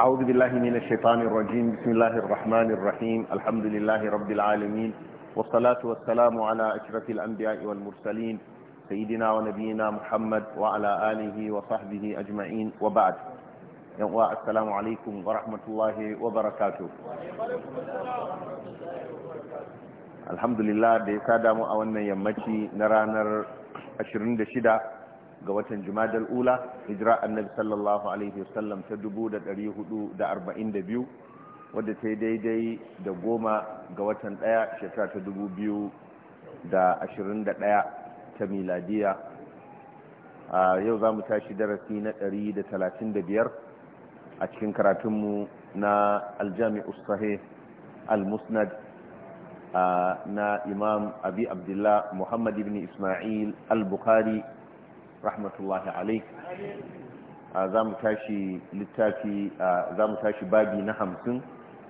أعوذ بالله من الشيطان الرجيم بسم الله الرحمن الرحيم الحمد لله رب العالمين والصلاة والسلام على أشرف الأنبياء والمرسلين سيدنا ونبينا محمد وعلى آله وصحبه أجمعين وبعد السلام عليكم ورحمة الله وبركاته الحمد لله da ya sada mu أشرين دشدة ga watan jumadal ula hijira annabi sallallahu alaihi wasallam ta 442 wadda ta yi daidai da goma ga watan daya shekara ta 2021 ta miladiya yau za mu tashi darasi na 135 a cikin karatunmu na aljami'u ustahe al-musnad na imam abi abdullah muhammad ibn ismail al-bukhari rahmatullahi alaik za mu tashi littafi za mu tashi babi na hamsin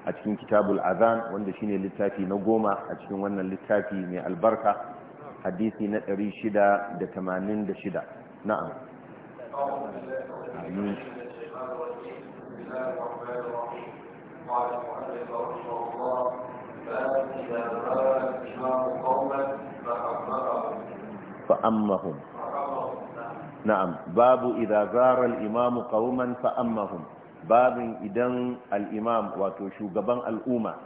a cikin kitabul azan wanda shine littafi na goma a cikin wannan littafi mai albarka hadisi na 686 na'am amin فأمهم na'am babu idan zara imamu qauman babin idan al'imam wato shugaban al'umma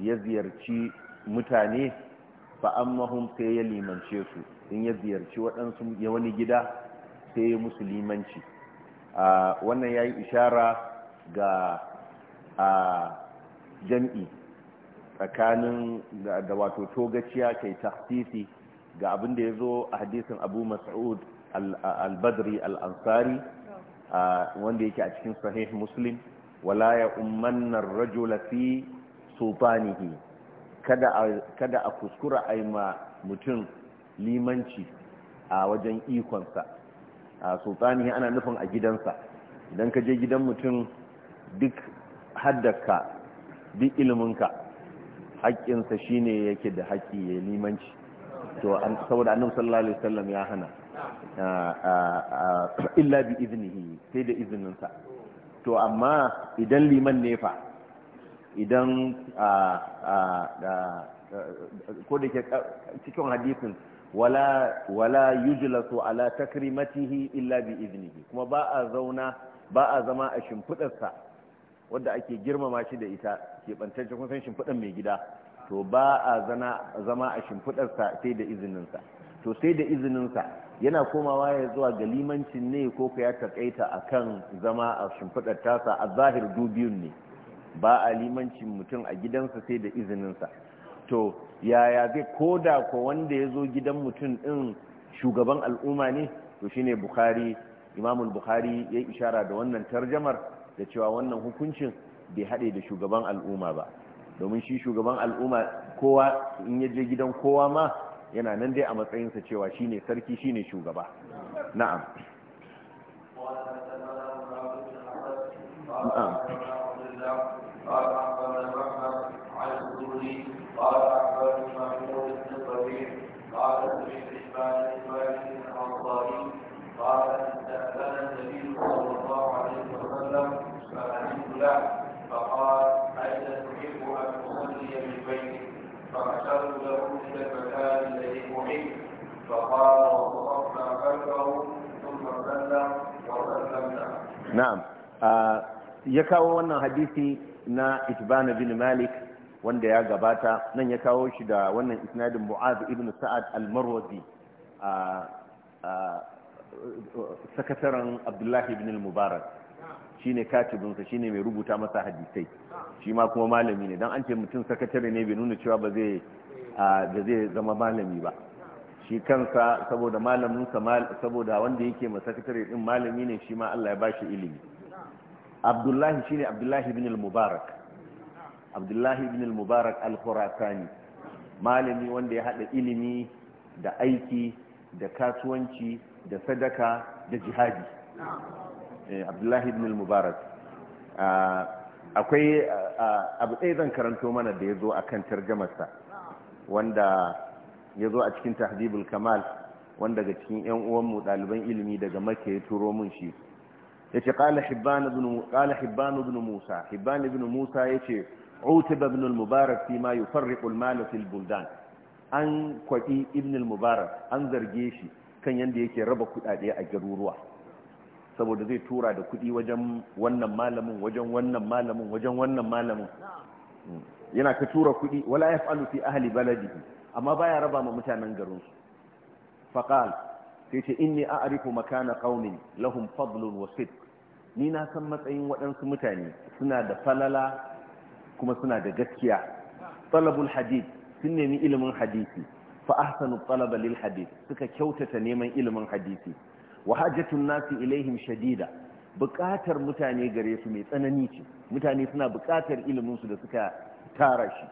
ya ziyarci mutane fa sai ya limance su in ya ziyarci waɗansu ya wani gida sai ya musu limanci wannan yayi ishara ga jam'i tsakanin da wato togaciya kai tahsisi ga abin da ya zo a hadisin abu mas'ud al-badri al-ansari wanda yake a cikin sahih muslim wala ya ummanna ar-rajula fi sultanihi kada a kuskura ai ma mutum limanci a wajen ikonsa a ana nufin a gidansa idan ka je gidan mutum duk haddaka duk iliminka haƙƙinsa shine yake da haƙƙi ya limanci to saboda annabi sallallahu alaihi wasallam ya hana illa bi iznihi sai da izininsa to amma idan liman ne fa idan ko da ke cikin hadisin wala wala yujlasu ala takrimatihi illa bi iznihi kuma ba a zauna ba a zama a shimfidarsa wanda ake girmama shi da ita ke bantacce kun san shimfidan mai gida to ba a zama a shimfidarsa sai da izininsa to sai da izininsa yana komawa ya zuwa ga limancin ne ko ku ya takaita kan zama a shimfiɗar tasa a zahir dubiyun ne ba a limancin mutum a gidansa sai da izininsa to yaya zai koda ko wanda ya zo gidan mutum ɗin shugaban al'umma ne to shine bukari imamul bukari ya ishara da wannan tarjamar da cewa wannan hukuncin bai haɗe da shugaban al'umma ba domin shi shugaban al'umma kowa in ya je gidan kowa ma yana nan dai a matsayinsa cewa shine sarki shine shugaba na'am na'am ya kawo wannan hadisi na itbana bin malik wanda ya gabata nan ya kawo shi da wannan isnadin mu'az ibn sa'ad al-marwazi a sakataren abdullahi ibn al-mubarak shine katibinsa shine mai rubuta masa hadisai shi ma kuma malami ne dan an ce mutum sakatare ne bai nuna cewa ba zai zama malami ba shi kansa saboda malamin saboda wanda yake masakatare din malami ne shi ma Allah ya bashi ilimi abdullahi shine abdullahi ibn al-mubarak abdullahi ibn al-mubarak al-khurasani malami wanda ya hada ilimi da aiki da kasuwanci da sadaka da jihadi eh, abdullahi ibn al-mubarak ah, akwai ah, ah, abu ɗaya zan karanto mana da ya zo a kan wanda ya zo a cikin tahdibul kamal wanda daga cikin yan uwanmu ɗaliban ilimi daga maka ya turo mun shi ya ce ƙala hibban musa hibban bin musa ya ce utib ibn mubarak fi ma yufarriqu al fil buldan an kwaɗi ibn mubarak an zarge shi kan yanda yake raba kuɗaɗe a garuruwa saboda zai tura da kuɗi wajen wannan malamin wajen wannan malamin wajen wannan malamin yana ka tura kuɗi wala yaf'alu fi ahli baladihi amma baya raba ma mutanen garin su faqal sai ce inni a'rifu makana qaumin lahum fadlun wa sidq ni na san matsayin waɗansu mutane suna da falala kuma suna da gaskiya talabul hadith sun nemi ilimin hadisi fa ahsanu talaba lil hadith suka kyautata neman ilimin hadisi wa hajjatun nasi ilaihim shadida buƙatar mutane gare su mai tsanani ce mutane suna buƙatar ilimin su da suka tara shi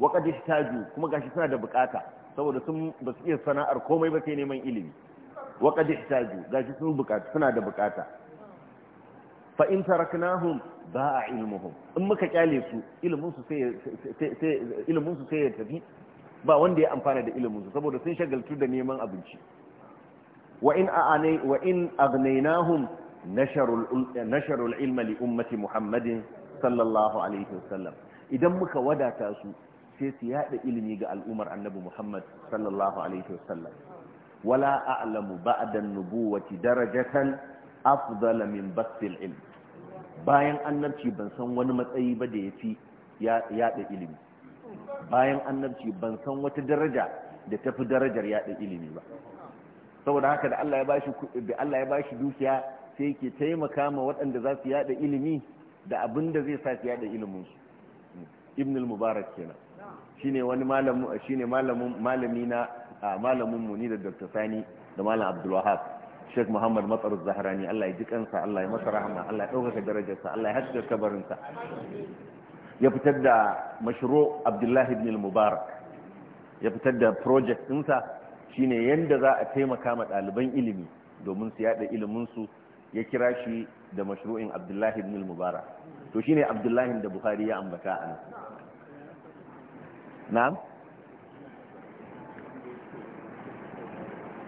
wa qad ihtaju kuma gashi suna da bukata saboda sun ba su iya sana'ar komai ba sai neman ilimi wa qad ihtaju gashi sun bukata suna da bukata fa in taraknahum ba'a ilmuhum in muka kyale su ilimin su sai ya tafi ba wanda ya amfana da ilimin su saboda sun shagaltu da neman abinci wa in a'anai wa in agnaynahum nasharul ilma li ummati muhammadin sallallahu alaihi wasallam idan muka wadata su sai su yada ilimi ga al'ummar annabi Muhammad sallallahu alaihi wasallam wala a'lamu ba'da an-nubuwati darajatan afdal min basil ilm bayan annabci ban san wani matsayi ba da yafi yada ilimi bayan annabci ban san wata daraja da tafi darajar yada ilimi ba saboda haka da Allah ya bashi da Allah ya bashi dukiya sai yake taimaka ma waɗanda za su yada ilimi da abin da zai sa su yada ilimin su ibn al-mubarak kenan shine wani malamu shine malamin malami na malamin mu ni da Dr. Sani da malam Abdul Wahab Sheikh Muhammad Matsar Zahrani Allah ya ji kansa Allah ya masa rahama Allah ya dauka darajarsa Allah ya haska kabarinsa ya fitar da mashru Abdullah ibn al-Mubarak ya fitar da project ɗinsa shine yanda za a taimaka ma ɗaliban ilimi domin su yada ilimin su ya kira shi da mashru'in Abdullah ibn al-Mubarak to shine Abdullah da Bukhari ya ambata a na'am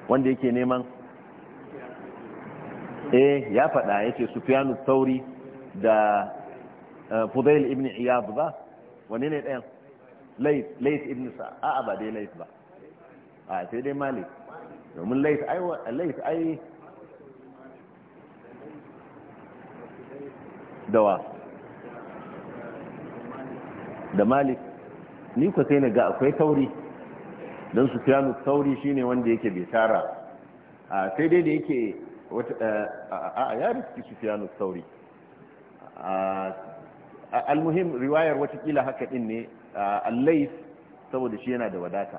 wanda yake neman eh ya faɗa yake sufyanu sauri da eh, fudail ibn iyad ba wani ne ɗayan lait ibn sa'a ba dai lait ba a sai dai malik domin lait ai lait ai dawa da malik ni ku sai na ga akwai tauri don su fiyanu tauri shine wanda yake bai tara a sai dai da yake a ya riski su fiyanu tauri almuhim riwayar watakila haka din ne allais saboda shi yana da wadata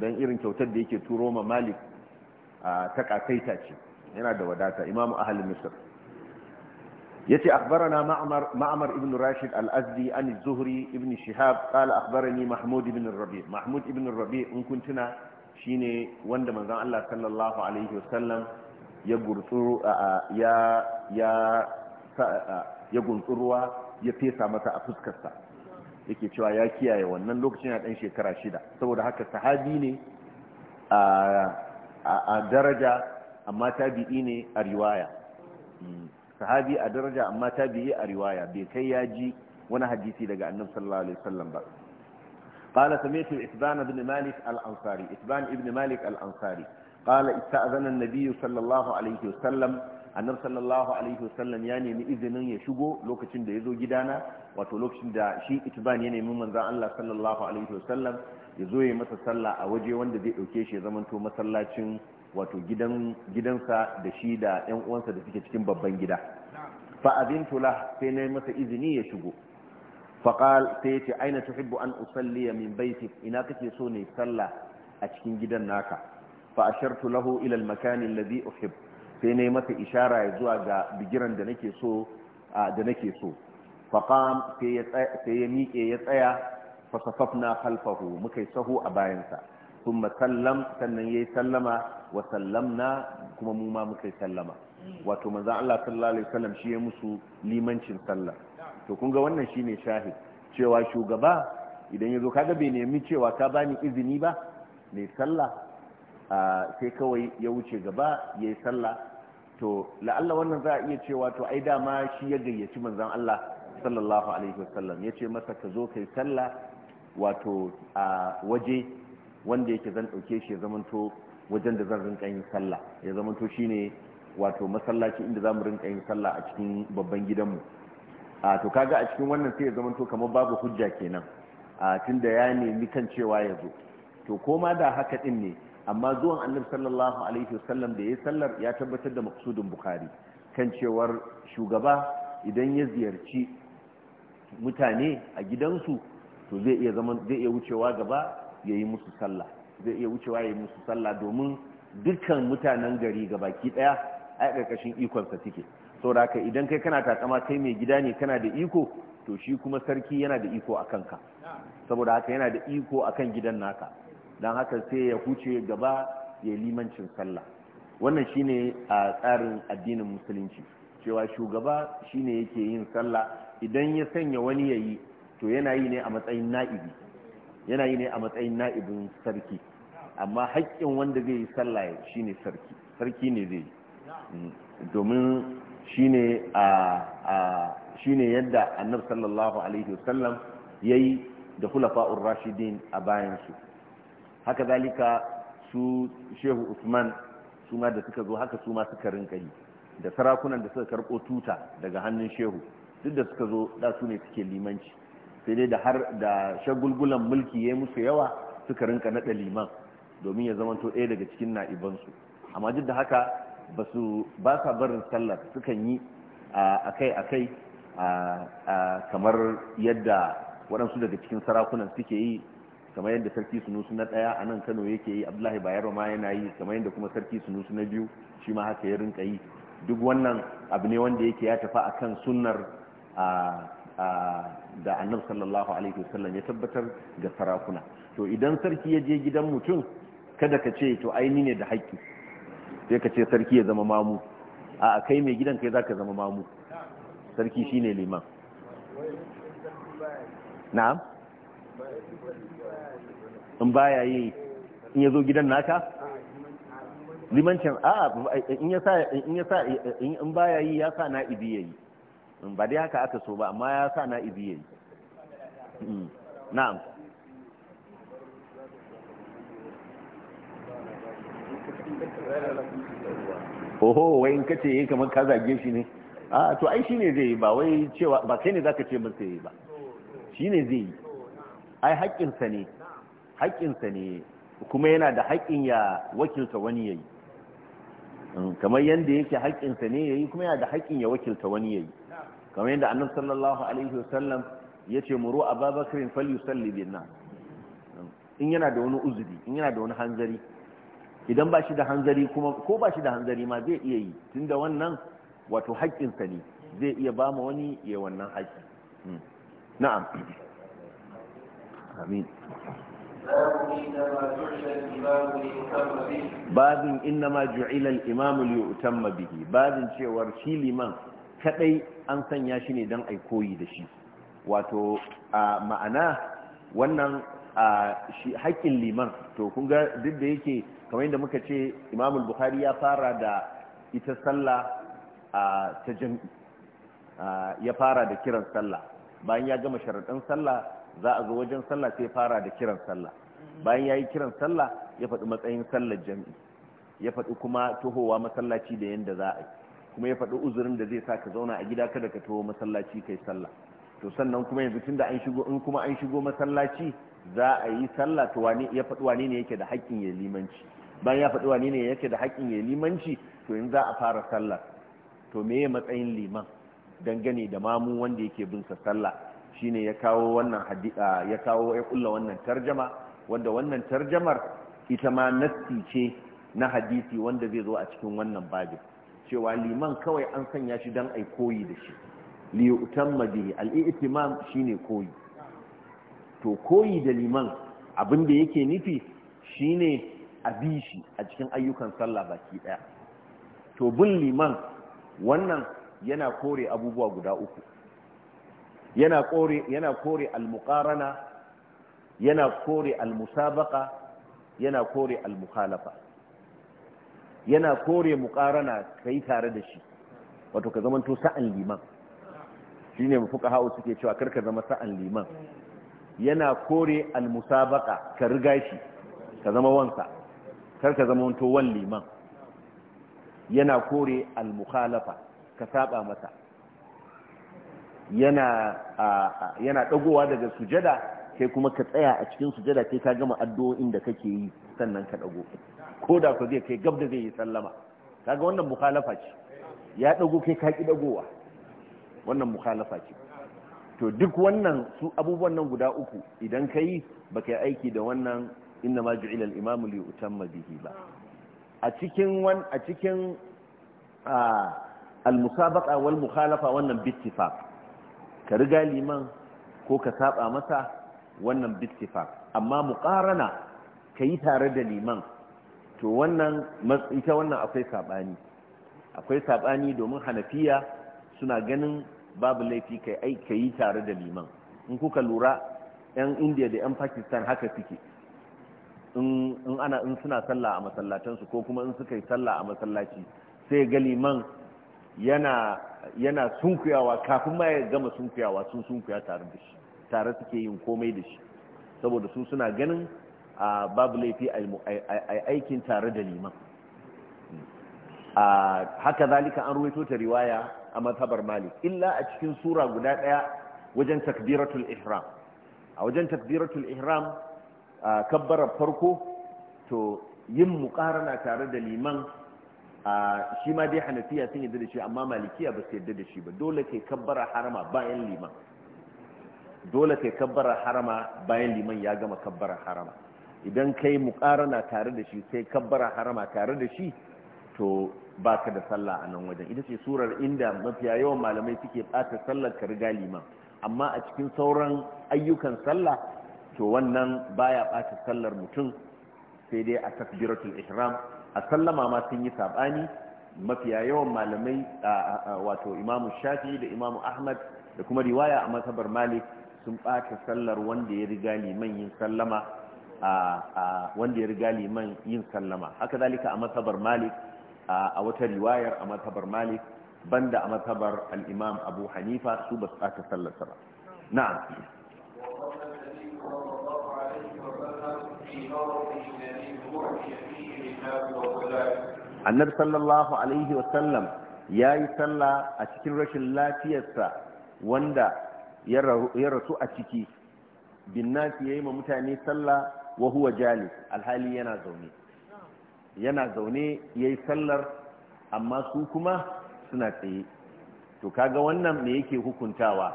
don irin kyautar da yake turo ma malik ta kakaita ce yana da wadata imamu ahalin misr يتي أخبرنا معمر, معمر ابن راشد الأزدي عن الزهري ابن شهاب قال أخبرني محمود ابن الربيع محمود ابن الربيع إن كنتنا شيني وند من الله صلى الله عليه وسلم يقرصر يا يا يقرصر ya fesa masa a fuskarsa yake cewa ya kiyaye wannan lokacin ya dan shekara shida saboda haka sahabi ne a daraja amma tabi'i ne a riwaya sahabi a daraja amma ta tabi'i a riwaya bai kai ya ji wani hadisi daga annabi sallallahu alaihi wasallam ba قال سمعت إثبان بن مالك الأنصاري ibn malik مالك الأنصاري قال استأذن النبي صلى الله عليه وسلم annabi sallallahu alaihi wasallam ya nemi izinin ya shigo lokacin da ya zo gidana wato lokacin da shi itban ya nemi manzan Allah sallallahu alaihi wasallam ya zo ya masa sallah a waje wanda zai dauke shi ya zamanto masallacin wato gidansa da shi da 'yan uwansa da suke cikin babban gida fa'azin tula sai na yi masa izini ya shigo faƙal sai ya ce aina hibbu an usalliya min baitik ina kake so ne sallah a cikin gidan naka fa'ashartu lahu ilal makanin ladhi uhib sai na yi masa ishara ya zuwa ga bigiran da nake so da nake so faƙam sai ya miƙe ya tsaya fasafafna halfahu muka yi sahu a bayansa sun masallam sannan ya yi sallama wa sallamna kuma mu ma muka yi sallama wato manzan Allah sallallahu alaihi wasallam shi ya musu limancin sallah to kun ga wannan shine shahid cewa shugaba idan ya zo kaga bai nemi cewa ka bani izini ba ne sallah sai kawai ya wuce gaba ya yi sallah to la'alla wannan za a iya cewa to ai dama shi ya gayyaci manzan Allah sallallahu alaihi wasallam ya ce masa ka zo yi sallah wato a waje wanda yake zan ɗauke shi ya zamanto wajen da zan rinka yin sallah ya zamanto shine wato masallaci inda zamu mu rinka yin sallah a cikin babban gidanmu a to kaga a cikin wannan sai ya zamanto kamar babu hujja kenan a tun ya nemi kan cewa ya zo to koma da haka din ne amma zuwan annabi sallallahu alaihi wasallam da ya sallar ya tabbatar da maksudin bukhari kan cewar shugaba idan ya ziyarci mutane a gidansu to zai iya zai iya wucewa gaba ya yi musu sallah zai iya wucewa ya yi musu sallah domin dukkan mutanen gari ga baki daya a ƙarƙashin ikonsa suke saboda haka idan kai kana takama kai mai gida ne kana da iko to shi kuma sarki yana da iko a kanka saboda haka yana da iko a kan gidan naka don haka sai ya huce gaba ya yi limancin sallah wannan shine a tsarin addinin musulunci cewa shugaba shi ne yake yin sallah idan ya sanya wani ya yi to yana yi ne a matsayin na'ibi yana yi ne a matsayin na'ibin sarki amma haƙƙin wanda zai yi sallah shine sarki sarki ne zai yi mm. domin shine a ne yadda annab sallallahu alaihi wasallam yayi da hulafa'ur rashidin a bayansu haka zalika su shehu usman su ma da suka zo haka su ma suka rinka yi da sarakunan da suka karɓo tuta daga hannun shehu duk da suka zo da su ne suke limanci sai dai da har da shagulgulan mulki ya yi musu yawa suka rinka naɗa liman domin ya zama to ɗaya daga cikin na'ibansu amma duk da haka ba su ba sa barin sallar sukan yi a akai akai kamar yadda waɗansu daga cikin sarakunan suke yi kamar yadda sarki sunusu na ɗaya a nan kano yake yi abdullahi bayero ma yana yi kamar yadda kuma sarki sunusu na biyu shi ma haka ya rinka yi duk wannan abu ne wanda yake ya tafi kan sunnar da annabi sallallahu alaihi wasallam ya tabbatar ga sarakuna to idan sarki ya je gidan mutum kada ka ce to aini ne da haƙƙi sai ka ce sarki ya zama mamu a kai mai gidan kai zaka zama mamu sarki shine liman na'am in baya yi in ya zo gidan naka limancin a in ya sa in baya yi ya sa na'ibi yayi ba dai haka aka so ba amma ya sa na ibi yayi hmm. na'am oho wai in kace yayin kamar ka zage shi ne a to ai shine zai yi ba wai cewa ba kai ne zaka ce masa sai ba shine zai yi ai haƙƙin sa ne haƙƙin sa ne kuma yana da haƙƙin ya wakilta wani yayi hmm, kamar yanda yake haƙƙin sa ne yayi kuma yana da haƙƙin ya wakilta wani yayi kamar yadda annabi sallallahu alaihi wasallam yace muru ababakar falyusalli bin nas in yana da wani uzuri in yana da wani hanzari idan ba shi da hanzari kuma ko ba shi da hanzari ma zai iya yi tunda wannan wato haƙƙinsa ne zai iya ba ma wani iya wannan haƙƙi hmm. na'am amin babin inna ma ju'ila al-imamu li yutamma bihi babin cewar shi liman kadai an sanya shi ne don aikoyi koyi da shi wato ma'ana wannan a shi haƙƙin liman to kun ga duk da yake kamar yadda muka ce imamul buhari ya fara da ita sallah ta jam'i ya fara da kiran sallah bayan ya gama sharaɗin sallah za a zo wajen sallah sai fara da kiran sallah bayan ya yi kiran sallah ya faɗi matsayin sallar jam'i ya faɗi kuma tohowa masallaci da yadda za a yi kuma ya faɗi uzurin da zai sa ka zauna a gida kada ka taho masallaci kai sallah to sannan kuma yanzu tunda an shigo in kuma an shigo masallaci za a yi sallah to wani ya faɗi wani ne yake da haƙƙin ya limanci bayan ya faɗi wani ne yake da haƙƙin ya limanci to in za a fara sallah to me ya matsayin liman dangane da mamu wanda yake bin sa sallah shine ya kawo wannan hadisa ya kawo ya kulla wannan tarjama wanda wannan tarjamar ita ma nassi ce na hadisi wanda zai zo a cikin wannan babin cewa liman kawai an sanya shi don a koyi da shi liyutan madihi al'i'itimam shi ne koyi to koyi da liman abin da yake nufi shi ne a bi shi a cikin ayyukan sallah baki ɗaya to bin liman wannan yana kore abubuwa guda uku yana kore yana yana kore al yana kore al yana kore ka yi tare da shi wato ka zamanto sa'an liman shine ne mafuka hawo suke cewa karka zama sa'an liman yana kore almusabaka ka riga shi ka zama wansa karka zama wanto wan liman yana kore almukhalafa ka saba masa yana ɗagowa daga sujada sai kuma ka tsaya a cikin sujada sai ka gama addu'o'in da kake yi sannan ka ɗago. ko da ku zai kai gab da zai yi sallama kaga wannan mukhalafa ce ya dago kai ka ki dagowa wannan mukhalafa ce to duk wannan su abubuwan nan guda uku idan kai baka yi aiki da wannan inna ma ju'ila al-imam li utamma bihi ba a cikin wan a cikin al-musabaqa wal mukhalafa wannan bittifaq ka riga liman ko ka saba masa wannan bittifaq amma muqarana kai tare da liman to wannan ita wannan akwai saɓani akwai saɓani domin hanafiya suna ganin babu laifi kai yi tare da liman in kuka lura 'yan indiya da 'yan pakistan haka suke in ana in suna sallah a masallatansu ko kuma in suka yi sallah a masallaci sai ga liman yana yana sunkuyawa kafin ma ya gama sunkuyawa sun sunkuya tare da shi tare suke yin komai da shi saboda su suna ganin a babu laifi a aikin tare da liman haka zalika an ruwaito ta riwaya a mazhabar malik illa a cikin sura guda daya wajen takbiratul ihram a wajen takbiratul ihram kabbarar farko to yin muqarana tare da liman shi ma dai hanafiya sun yadda da amma malikiya ba su yadda da shi ba dole kai kabbara harama bayan liman dole kai kabbara harama bayan liman ya gama kabbara harama idan kai mukarana tare da shi sai kabbara harama tare da shi to ka da sallah a nan wajen ita ce surar inda mafiya yawan malamai suke ɓata sallar ka riga liman amma a cikin sauran ayyukan sallah to wannan baya ɓata sallar mutum sai dai a takbiratul ihram a sallama ma sun yi saɓani. mafiya yawan malamai wato imamu shafi da imamu ahmad da kuma riwaya a masabar malik sun ɓata sallar wanda ya riga liman yin sallama wanda ya riga liman yin sallama haka zalika a matsabar malik a wata riwayar a matsabar malik banda a matsabar al'imam abu hanifa su ba su ta sallarsa ba na'am Annar sallallahu alaihi wasallam ya yi sallah a cikin rashin lafiyarsa wanda ya rasu a ciki binnati ya yi ma mutane sallah wa huwa jalis alhali yana zaune yana zaune yayi sallar amma su kuma suna tsaye to kaga wannan me yake hukuntawa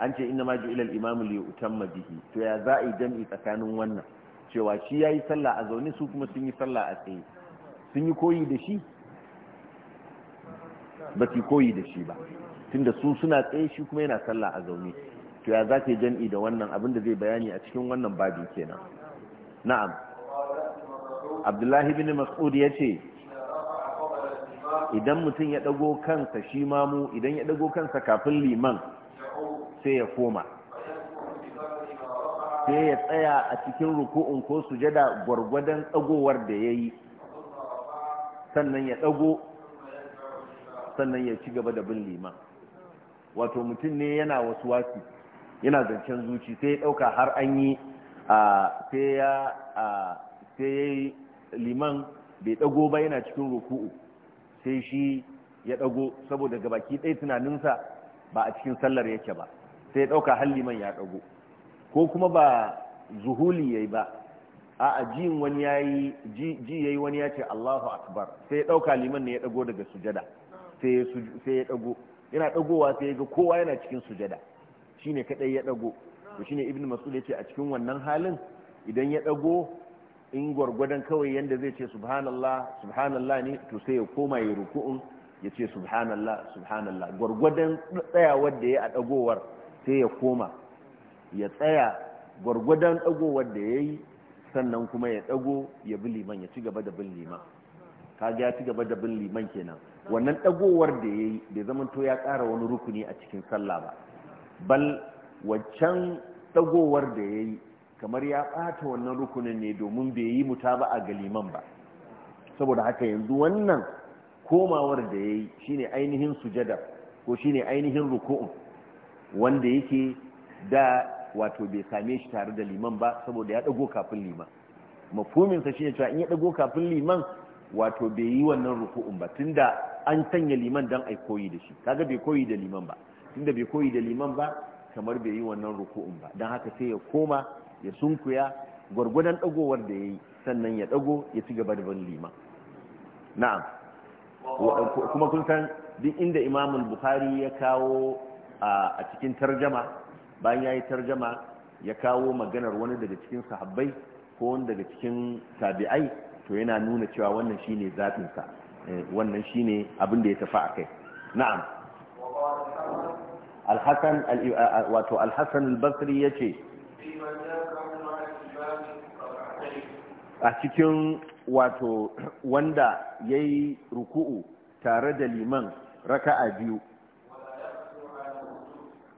an ce inna ma ju'ila al-imam li yutamma bihi to ya za'i jam'i tsakanin wannan cewa shi yayi sallah a zaune su kuma sun yi sallah a tsaye sun yi koyi da shi ba su koyi da shi ba tunda su suna tsaye shi kuma yana sallah a zaune to ya za ta jam'i da wannan abin da zai bayani a cikin wannan babin kenan na'am abdullahi bin mas'ud ya ce idan mutum ya dago kansa shi mamu idan ya dago kansa kafin liman sai ya koma sai ya tsaya a cikin ruku'un ko sujada gwargwadon dagowar da yayi yi sannan ya dago sannan ya ci gaba da bin liman wato mutum ne yana wasu wasi yana zancen zuci sai ya dauka har an yi sai ya liman bai dago ba yana cikin ruku'u sai shi ya dago saboda gabaki ɗaya tunaninsa ba a cikin sallar yake ba sai ya ɗauka har liman ya dago ko kuma ba zuhuli ya yi ba a ajiyin wani yi ji yayi wani ya ce Allahu akbar sai ya ɗauka liman ne ya dago daga sujada sai ya dago yana dagowa sai ya ga kowa yana cikin sujada shi ne kadai ya dago to shine ibnu mas'ud yace a cikin wannan halin idan ya dago in gwargwadon kawai yanda zai ce subhanallah subhanallah ne to sai ya koma ya ruku'un ya ce subhanallah subhanallah gwargwadon tsayawar da ya a dagowar sai ya koma ya tsaya gwargwadon dagowar da ya yi sannan kuma ya dago ya bi liman ya ci gaba da bin liman kaga ya ci gaba da bin liman kenan wannan dagowar da ya yi bai zama to ya ƙara wani rukuni a cikin sallah ba bal waccan dagowar da ya yi kamar ya ɓata wannan rukunin ne domin bai yi muta ba a galiman ba saboda haka yanzu wannan komawar da ya yi shine ainihin sujada ko shine ainihin ruku'un wanda yake da wato bai same shi tare da liman ba saboda ya dago kafin liman mafuminsa shine cewa in ya dago kafin liman wato bai yi wannan ruku'un ba tunda an sanya liman dan ai koyi da shi kaga bai koyi da liman ba tunda bai koyi da liman ba kamar bai yi wannan ruku'un ba don haka sai ya koma ya sunkuya gwargwadon dagowar da ya yi sannan ya dago ya ci gaba da ban lima, na'am kuma kun san duk inda imamul bukhari ya kawo a cikin tarjama bayan ya yi tarjama ya kawo maganar wani daga cikin sahabbai ko wani daga cikin tabi'ai to yana nuna cewa wannan shine zafinsa, eh, wannan shine abin da ya tafi a kai na'am alhassan wato alhassan albasri ya ce a cikin wato wanda ya yi ruku'u tare da liman raka'a biyu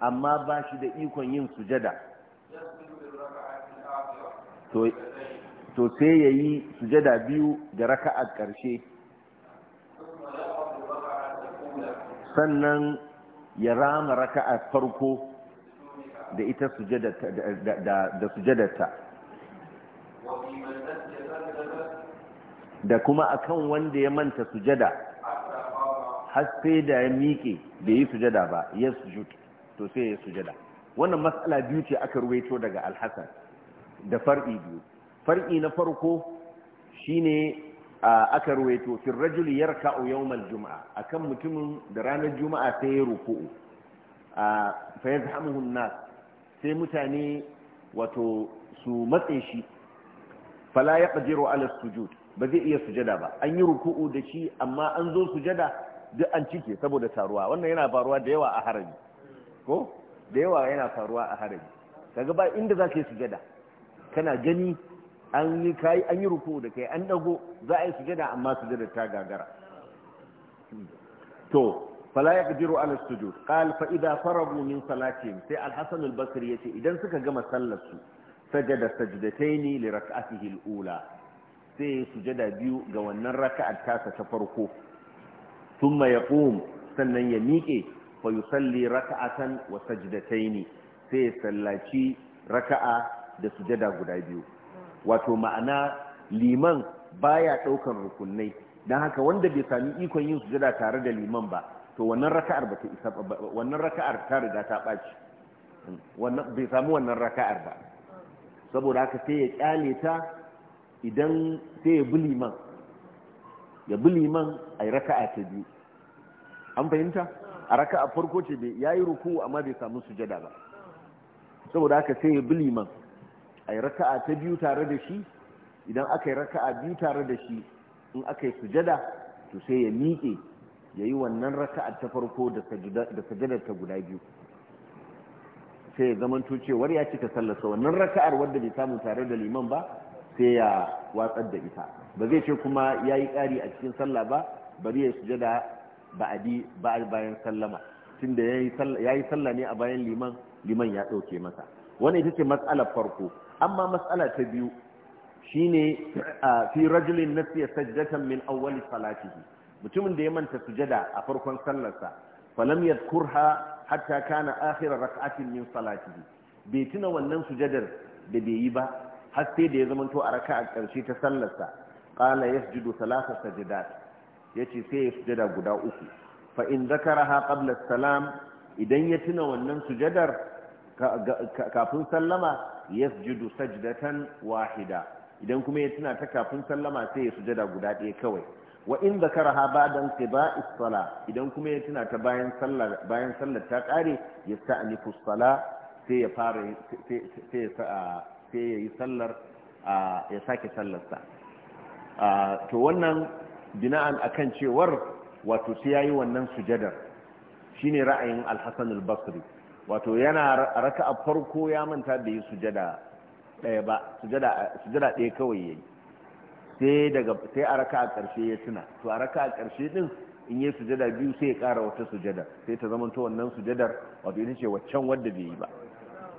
amma ba shi da ikon yin sujada to sai ya yi sujada biyu ga raka'a ƙarshe sannan ya rama raka'a farko da ita da sujadarta da kuma akan wanda ya manta sujada har sai da ya miƙe bai yi sujada ba ya sujud to sai ya sujada wannan matsala biyu ce aka ruwaito daga alhassan da far'i biyu far'i na farko shine aka ruwaito fil rajul yarka'u yawmal juma'a akan mutumin da ranar juma'a sai ya ruku'u fa yazhamuhu nas sai mutane wato su matse shi fala yaqdiru ala sujud ba zai iya sujada ba an yi ruku'u da shi amma an zo sujada duk an cike saboda taruwa wannan yana faruwa da yawa a harami ko da yawa yana faruwa a harami kaga ba inda zaka yi sujada kana gani an yi kai an yi ruku da kai an dago za a yi sujada amma sujada ta gagara to fala yaqdiru ala sujud qal fa idha faragu min salatihim sai al-hasan al-basri yace idan suka gama sallar su sajada sajdataini li rak'atihi al-ula sai sujada biyu ga wannan raka'ar ta ta farko thumma yaqum sannan ya miƙe fa yusalli raka'atan wa sajdataini sai sallaci raka'a da sujada guda biyu wato ma'ana liman baya daukan rukunai don haka wanda bai sami ikon yin sujada tare da liman ba to wannan raka'ar ba ta isa wannan raka'ar ta riga ta ɓaci wannan bai sami wannan raka'ar ba saboda haka sai ya kyale ta idan sai ya bi liman ya bi liman ai raka'a ta biyu an fahimta a raka'a farko ce bai yayi ruku amma bai samu sujada ba saboda haka sai ya bi liman a yi raka'a ta biyu tare da shi idan aka yi raka'a biyu tare da shi in aka yi sujada to sai ya miƙe ya yi wannan raka'a ta farko da sujadar ta guda biyu sai ya zama cewar ya cika sallarsa wannan raka'ar wadda bai samu tare da liman ba sai ya watsar da ita ba zai ce kuma ya yi ƙari a cikin sallah ba bari ya sujada ba'adi bayan sallama tunda ya yi sallah ne a bayan liman liman ya ɗauke masa Wani ita ce matsalar farko amma matsala ta biyu shine fi rajulin nasiya sajdatan min awwali salatihi mutumin da ya manta sujada a farkon sallarsa falam kurha hatta kana akhir rak'atin min salatihi bai tuna wannan sujadar da bai yi ba har sai da ya zamanto a raka'a karshe ta sallarsa qala yasjudu thalatha sajdat yace sai ya sujada guda uku fa in zakaraha qabla salam idan ya tuna wannan sujadar kafin sallama yasjudu sajdatan wahida idan kuma ya tuna ta kafin sallama sai ya sujada guda ɗaya kawai wa in zakaraha ba'da inqida'is sala idan kuma ya tuna ta bayan sallar bayan sallar ta kare ya sa'nifu sala sai ya fara sai sai ya yi sallar ya sake sallarsa to wannan bina'an akan cewar wato sai yayi wannan sujadar shine ra'ayin al-Hasan al-Basri wato yana raka a farko ya manta da yi sujada ɗaya ba sujada ɗaya kawai yayi sai daga sai a ƙarshe ya tuna to a raka a ƙarshe din in yi sujada biyu sai ya ƙara wata sujada sai ta zama wannan sujadar wato ita ce waccan wadda bai yi ba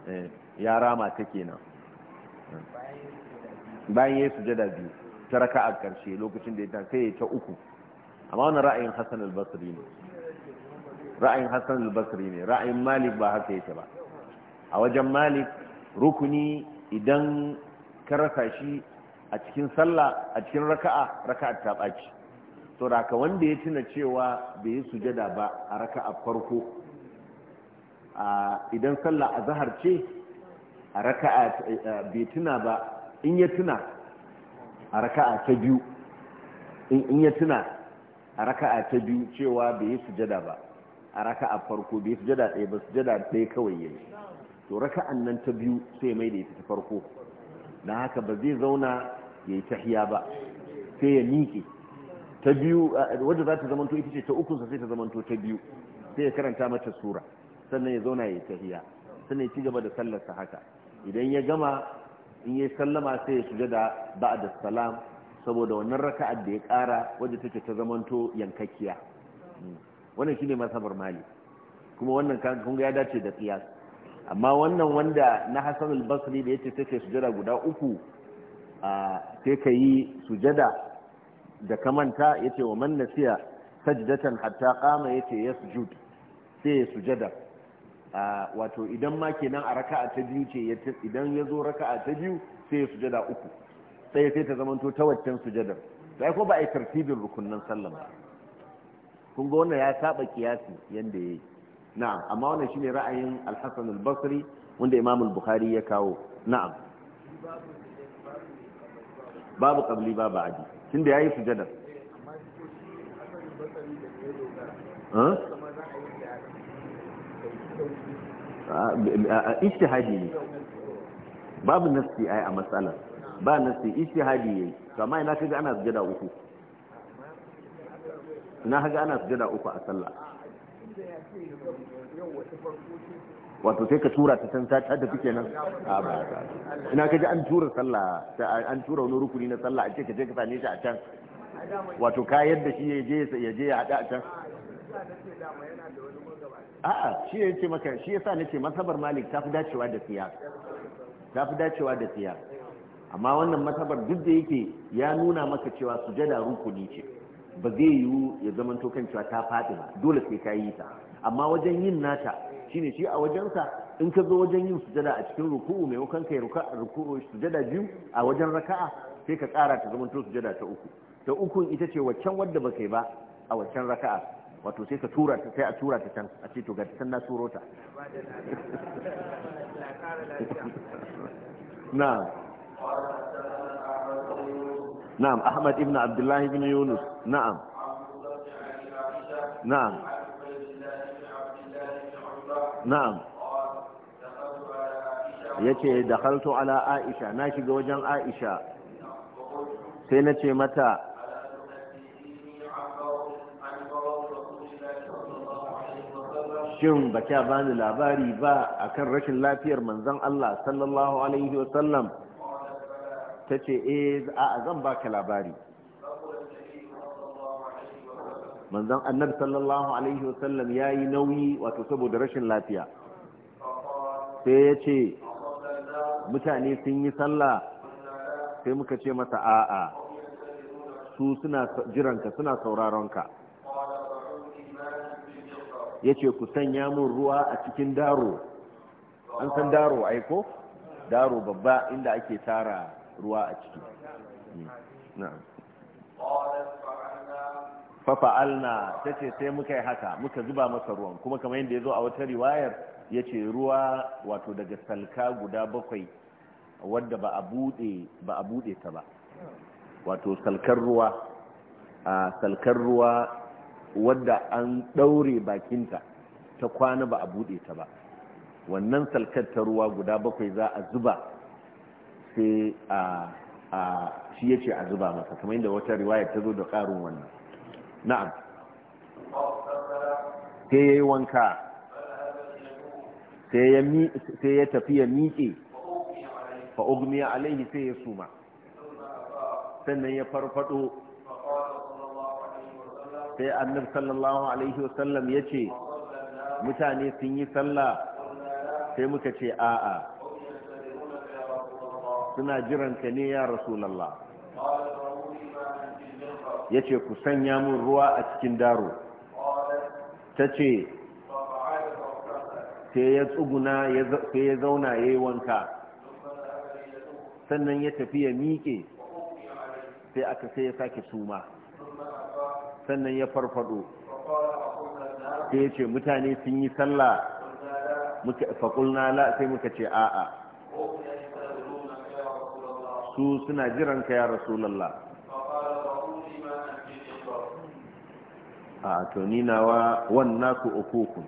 eh, ya rama ta kenan bayan yi sujada biyu ta raka a ƙarshe lokacin da ya ta sai ya ta uku amma wani ra'ayin Hassan al-Basri ne ra'ayin hassan al-basri ne ra'ayin malik ba haka yake ba a wajen malik rukuni idan ka rasa shi a cikin sallah a cikin raka'a raka'a ta ɓaci to raka wanda ya tuna cewa bai yi sujada ba a raka'a farko idan sallah a zahar ce a raka'a bai tuna ba in ya tuna a raka'a ta biyu in ya tuna a raka'a ta biyu cewa bai yi sujada ba a raka a farko bai sujada ɗaya ba sujada ɗaya kawai yayi to raka'an nan ta biyu sai mai da ita ta farko na haka ba zai zauna yayi tahiya ba sai ya miƙe ta biyu wadda za ta zamanto ita ce ta ukunsa sai ta zamanto ta biyu sai ya karanta mata sura sannan ya zauna yayi tahiya sannan ya ci gaba da sallarsa haka idan ya gama in ya sallama sai ya sujada da salam saboda wannan raka'ar da ya kara wadda take ta zamanto yankakkiya hmm. wannan shine masabar mali kuma wannan kun ya dace da qiyas amma wannan wanda na Hassan al-Basri da yace take sujada guda uku a sai ka sujada da kamanta yace wa man nasiya sajdatan hatta qama yace yasjud sai sujada sujada wato idan ma kenan a raka'a ta biyu ce idan ya zo raka'a ta biyu sai sujada uku sai sai ta zamanto ta waccan sujadar sai ko ba a yi tartibin rukunnan sallah ba kun ga wannan ya saba kiyasi yanda yayi na'am amma wannan shine ra'ayin al-Hasan al-Basri wanda Imam al-Bukhari ya kawo na'am babu qabli babu adi tunda yayi sujada ah, ah, ha ne babu nasti ai a matsala ba nasti ishtihadi yayi to amma ina kaga ana sujada uku na haga ana sujada uku a sallah wato sai ka tura ta can ta tafi kenan a ba ta ina ka ji an tura sallah an tura wani rukuni na sallah a ce ka je ka same shi a can wato ka yadda shi ya je ya je ya hada a can a'a shi ya ce maka shi ya yasa nace masabar malik ta fi dacewa da siya ta fi dacewa da siya amma wannan masabar duk da yake ya nuna maka cewa sujada rukuni ce ba zai yiwu ya zamanto kan cewa ta faɗi ba dole sai ka yi ta amma wajen yin nata shine shi a wajensa in ka zo wajen yin sujada a cikin ruku'u mai wukan kai ruku'u sujada biyu a wajen raka'a sai ka tsara ta zamanto sujada ta uku ta uku ita ce waccan wadda ba kai ba a waccan raka'a wato sai ka tura ta sai a tura ta can a ce to ga ta can na turo ta na نعم أحمد ابن عبد الله بن يونس نعم نعم نعم yace dakhaltu ala aisha na shiga wajen aisha sai na ce mata shin ba kya bani labari ba akan rashin lafiyar manzon Allah sallallahu alaihi wasallam ta ce e a zan baka labari manzon annabi sallallahu alaihi wasallam ya yi nauyi wato saboda rashin lafiya sai ya ce mutane sun yi sallah sai muka ce masa a'a su suna jiranka suna sauraronka ya ce ku sanya mun ruwa a cikin daro an san daro aiko daro babba inda ake tara ruwa a ciki fafa'alna hmm. ta ce sai muka yi haka muka zuba masa ruwan kuma kamar yadda ya zo a wata riwayar ya ce ruwa wato daga salka guda bakwai wadda ba a buɗe ta ba wato salkar ruwa a salkar ruwa wadda an daure bakinta ta kwana ba a buɗe ta ba wannan salkar ta ruwa guda bakwai za a zuba sai a a shi yace a zuba masa kamar inda wata riwaya ta zo da karun wannan na'am sai yayi wanka sai ya tafi ya miƙe fa ugmiya alaihi sai ya suma sannan ya farfado sai annabi sallallahu alaihi wa ya ce mutane sun yi sallah sai muka ce a'a suna jiran ka ne ya ya yace ku sanya mun ruwa a cikin daro tace sai ya tsuguna sai ya zauna ya yi wanka sannan ya tafi ya miƙe sai aka sai ya sake suma sannan ya farfado sai ya ce mutane sun yi sallah faƙulna la sai muka ce a'a su suna jiranka ya rasulallah a ah, to ninawa wannan ku ukukun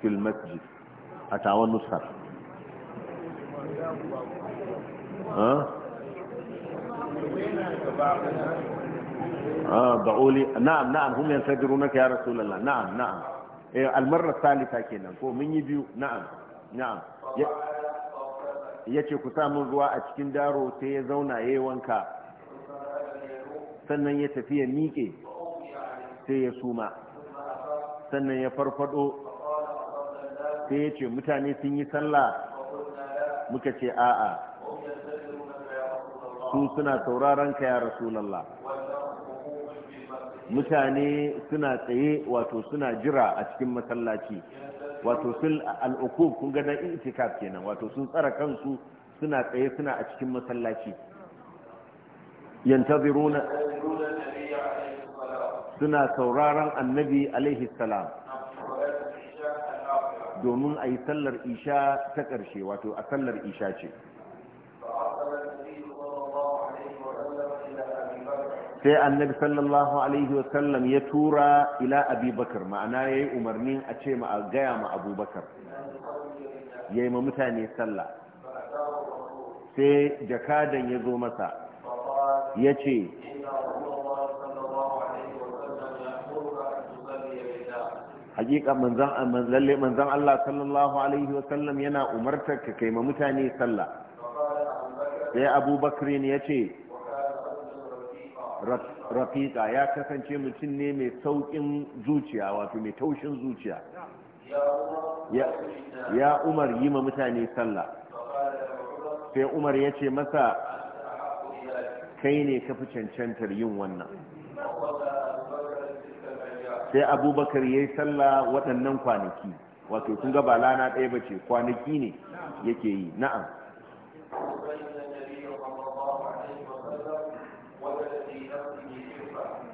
fil masjid a tawon nusar ضعولي نعم نعم هم ينتظرونك يا رسول الله نعم نعم المرة الثالثة كنا من يبيو نعم نعم ya ce ku samun ruwa a cikin daro sai ya zauna ya yi wanka sannan ya tafi ya miƙe sai ya suma sannan ya farfado sai ya ce mutane sun yi sallah muka ce a'a su suna sauraron ka ya rasulallah mutane suna tsaye wato suna jira a cikin masallaci wato sun al'ukub kun ga na itikaf kenan wato sun tsara kansu suna tsaye suna a cikin masallaci yantaziruna suna sauraron annabi alaihi salam domin a yi sallar isha ta ƙarshe wato a sallar isha ce sai annabi sallallahu alaihi wasallam ya tura ila abubakar ma'ana ya yi umarnin a ce ma a gaya ma abubakar ya yi ma mutane sallah sai jakadan ya zo masa ya ce hakika manzan manzan Allah sallallahu alaihi wasallam yana umartar ka kai ma mutane sallah sai abubakar ne ya ce rafiqa ya kasance mutum ne mai saukin zuciya wato mai taushin zuciya ya umar yi ma mutane sallah sai umar ya ce masa kai ne ka fi cancantar yin wannan sai abubakar ya yi sallah waɗannan kwanaki wato sun ga ba lana ɗaya bace kwanaki ne yake yi na'am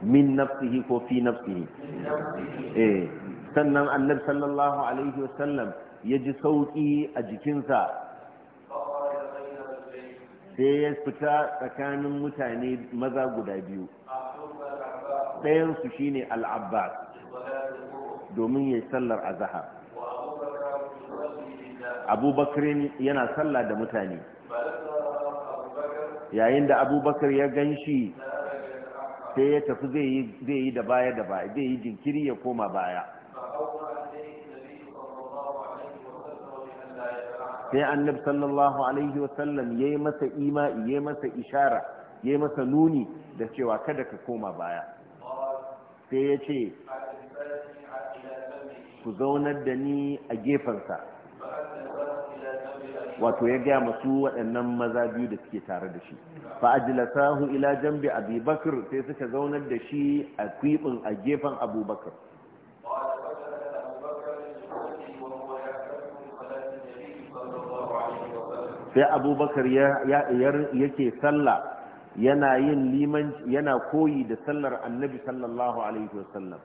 min nafsihi ko fi nafsihi eh sannan annabi sallallahu alaihi wasallam ya ji sauki a jikinsa sai ya fita tsakanin mutane maza guda biyu ɗayansu shine al'abbas domin ya sallar a zaha abubakar yana sallah da mutane yayin da abubakar ya gan shi sai ya tafi zai yi da baya da baya zai yi jinkiri ya koma baya sai annab sallallahu alaihi wasallam ya yi masa ima'i ya yi masa ishara ya yi masa nuni da cewa kada ka koma baya sai ya ce ku zaunar da ni a gefensa wato ya gaya masu waɗannan maza biyu da suke tare da shi fa ila jambi Abubakar sai suka zaunar da shi a kwibin a gefen abubakar sai abubakar yake sallah yana yin liman yana koyi da sallar annabi sallallahu alaihi wasallam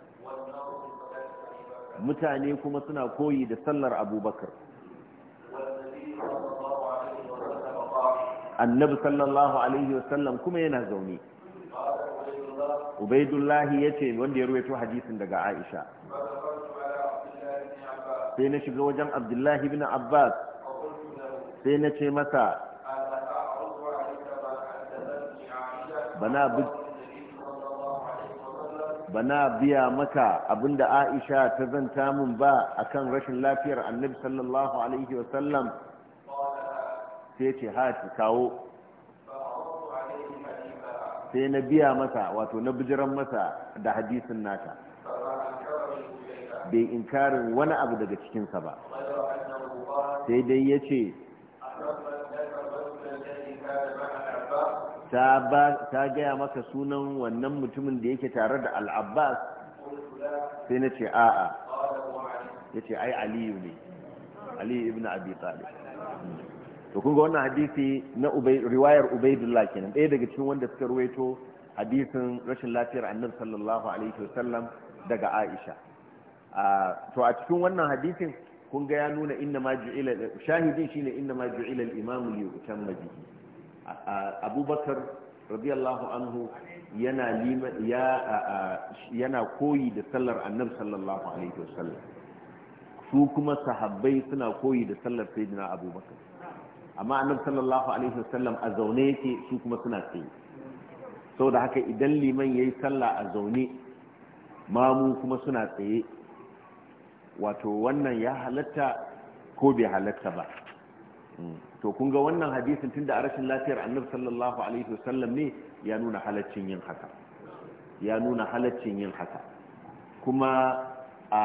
mutane kuma suna koyi da sallar abubakar annabi sallallahu alaihi wasallam kuma yana zaune Ubaidullahi ya ce wanda ya ruwaito hadisin daga aisha sai na shiga wajen abdullahi bin abbas sai na ce masa bana biya maka abinda aisha ta zanta min ba akan rashin lafiyar annabi sallallahu alaihi wasallam sai ce hati kawo sai na biya masa wato na bijiran masa da hadisin nata bai inkarin wani abu daga cikinsa ba sai dai ya ce ta gaya maka sunan wannan mutumin da yake tare da al'abbas sai na ce a'a ya ce ai aliyu ne aliyu ibn abi talib to kun ga wannan hadisi na riwayar ubaidullah kenan ɗaya daga cikin wanda suka ruwaito hadisin rashin lafiyar annabi sallallahu alaihi wasallam daga aisha to a cikin wannan hadisin kun ga ya nuna inna ma ju'ila shahidin shine inna ma ju'ila al-imamu li yutamma bihi abubakar radiyallahu anhu yana yana koyi da sallar annabi sallallahu alaihi wasallam su kuma sahabbai suna koyi da sallar sayyidina abubakar amma annabi sallallahu alaihi wasallam a zaune yake su kuma suna tsaye saboda haka idan liman yayi sallah a zaune mamu kuma suna tsaye wato wannan ya halatta ko bai halatta ba hmm. to kun ga wannan hadisin tunda a rashin lafiyar annabi sallallahu alaihi wasallam ne ya nuna halaccin yin haka ya nuna halaccin yin haka kuma a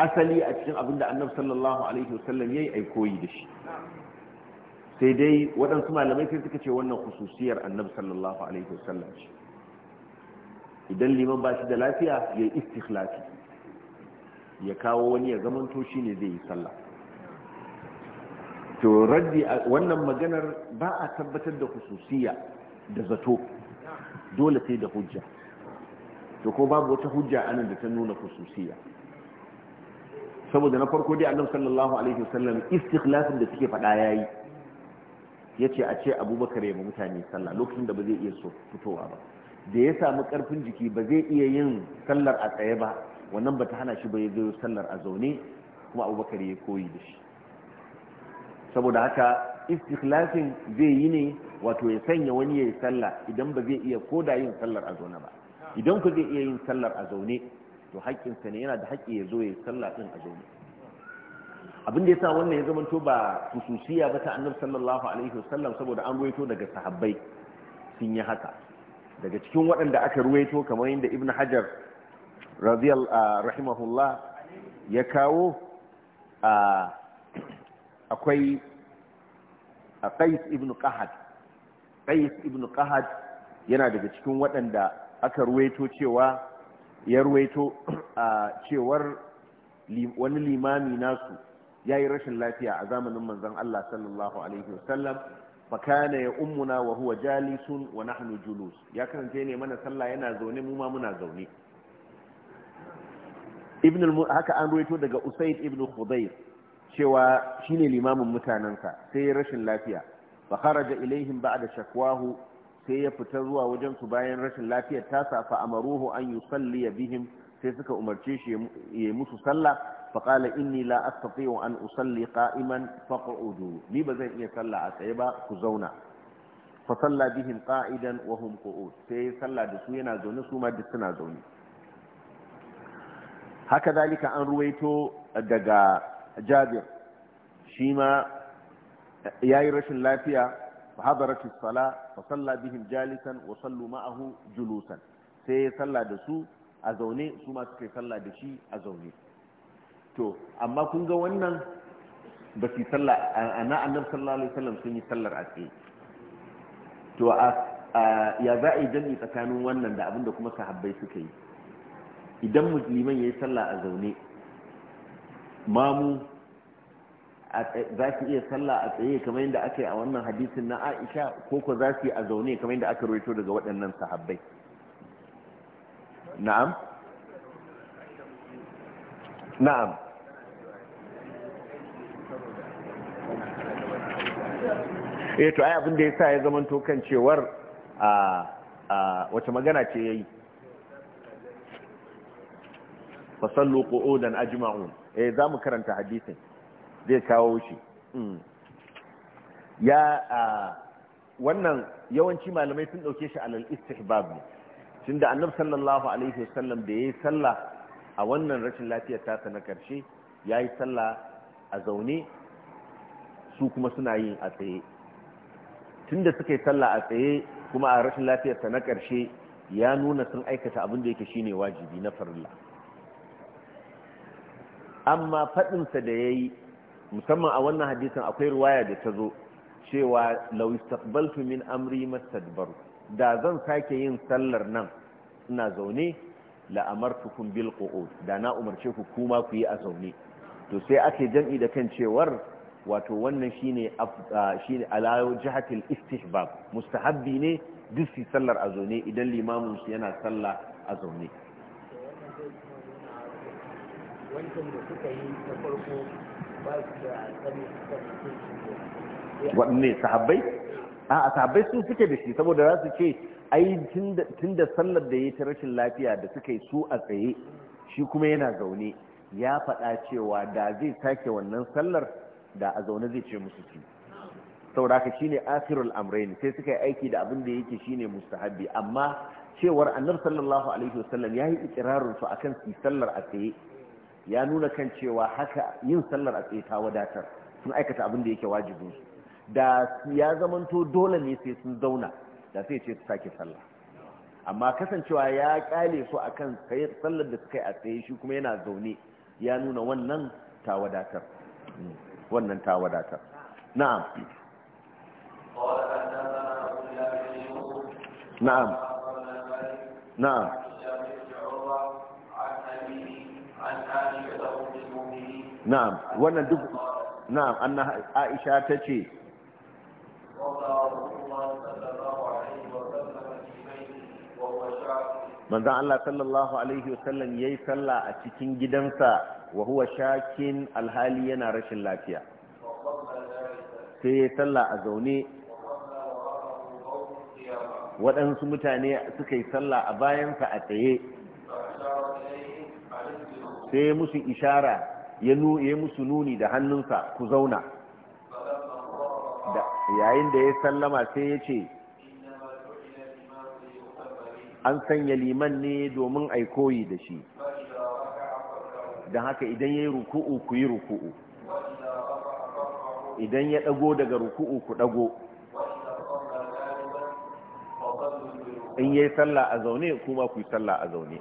asali a cikin abin da annabi sallallahu alaihi wasallam yayi ai koyi da shi sai dai waɗansu malamai sai suka ce wannan kususiyar annabi sallallahu alaihi wasallam ce idan liman ba shi da lafiya ya yi istikhlafi ya kawo wani ya zamanto shi ne zai yi sallah to raddi wannan maganar ba a tabbatar da kususiyya da zato dole sai da hujja to ko babu wata hujja anan da ta nuna kususiyya. saboda na farko dai annabi sallallahu alaihi wasallam istikhlasin da suke faɗa yayi yace a ce abubakar ya ba mutane sallah lokacin da ba zai iya so fitowa ba da ya samu karfin jiki ba zai iya yin sallar a tsaye ba wannan ba ta hana shi ba ya zo sallar a zaune kuma abubakar ya koyi da shi saboda haka istikhlasin zai yi ne wato ya sanya wani ya yi sallah idan ba zai iya koda yin sallar a zaune ba idan ku zai iya yin sallar a zaune to haƙƙinsa ne yana da haƙƙi ya zo ya sallah ɗin a zo. abin da ya sa wannan ya zama to ba kususiya ba ta annabi sallallahu alaihi wasallam saboda an ruwaito daga sahabbai sun yi haka daga cikin waɗanda aka ruwaito kamar yadda ibn hajar radiyal rahimahullah ya kawo akwai qais ibn qahad qais ibn qahad yana daga cikin waɗanda aka ruwaito cewa ya ruwaito a cewar wani limami nasu ya yi rashin lafiya a zamanin manzan Allah sallallahu alaihi wasallam kana ya ummuna wa huwa jalisun wa nahnu julus ya kasance ne mana sallah yana zaune mu ma muna zaune haka an ruwaito daga usaid ibn khudayr cewa shine limamin mutanensa sai ya rashin lafiya fa kharaja ilaihim ba'da shakwahu sai ya fita zuwa wajen su bayan rashin lafiyar tasa fa amaruhu an yusalli bihim sai suka umarce shi ya musu sallah fa qala inni la astati'u an usalli qa'iman faq'udu ni ba zan iya sallah a tsaye ba ku zauna fa salla bihim qa'idan wa hum qu'ud sai sallah da su yana zaune su ma duk suna zaune haka zalika an ruwaito daga Jabir shi ma yayi rashin lafiya فحضرت الصلاة فصلى بهم جالسا وصلوا معه جلوسا سي صلى دسو أزوني سوما سكي صلى دشي أزوني تو أما كنغا ونن بس يصلى أنا النبي صلى الله عليه وسلم سن يصلى رأسي تو يا ذا جمعي تكانوا ونن دا أبن دكما صحبي سكي idan musulman ya yi sallah a zaune mamu za su iya sallah a tsaye kamar yadda aka yi a wannan hadisin na aisha ko ko za su yi a zaune kamar yadda aka rawaito daga waɗannan sahabbai na'am na'am eh to ai abin da ya sa ya zamanto kan cewar a a wace magana ce yayi fasallu qu'udan ajma'un eh zamu karanta hadisin zai kawo shi mm. ya wannan yawanci malamai sun dauke shi alal istihbab ne tunda annabi sallallahu alaihi wasallam da yayi sallah a wannan rashin ta ta na karshe yayi sallah a zaune su kuma suna yin a tsaye tunda suka yi sallah a tsaye kuma a rashin ta na karshe ya nuna sun aikata abin da yake shine wajibi na farilla amma faɗinsa da yayi musamman a wannan hadisin akwai ruwaya da ta zo cewa law istaqbaltu min amri mastadbaru da zan sake yin sallar nan ina zaune la amartukum bil qu'ud da na umarce ku kuma ku yi a zaune to sai ake jam'i da kan cewar wato wannan shine shine ala jihatil istihbab mustahabbi ne duk su sallar a zaune idan limamin su yana sallah a zaune wancan da kuka yi ta farko waɗanne sahabbai a sahabbai sun suke da shi saboda za su ce ai tun da sallar da ya ta rashin lafiya da suka yi su a tsaye shi kuma yana zaune ya faɗa cewa da zai sake wannan sallar da a zaune zai ce musu ci saboda haka shine akhirul ne sai suka yi aiki da abin da yake shine mustahabi amma cewar annabi sallallahu alaihi wasallam yi ikrarin su akan su sallar a tsaye ya nuna kan cewa haka yin sallar a tsaye ta wadatar sun aikata abin da yake wajibin su da ya zamanto dole ne sai sun zauna da sai ce su sake sallah amma kasancewa ya kyale su akan sallar da suka yi a tsaye shi kuma yana zaune ya nuna wannan ta wadatar hmm, wannan ta wadatar na'am na'am na'am na'am wannan duk na'am anna aisha ta ce manzan Allah sallallahu alaihi wasallam yayi sallah a cikin gidansa wa huwa shakin alhali yana rashin lafiya sai ya sallah a zaune waɗansu mutane suka yi sallah a bayansa a tsaye sai musu ishara ya yi musu nuni da hannunsa ku zauna yayin da ya sallama sai ya ce an sanya liman ne domin aikoyi da shi don haka idan ya yi ruku'u ku yi ruku'u idan ya ɗago daga ruku'u ku ɗago in ya yi sallah a zaune kuma ku yi sallah a zaune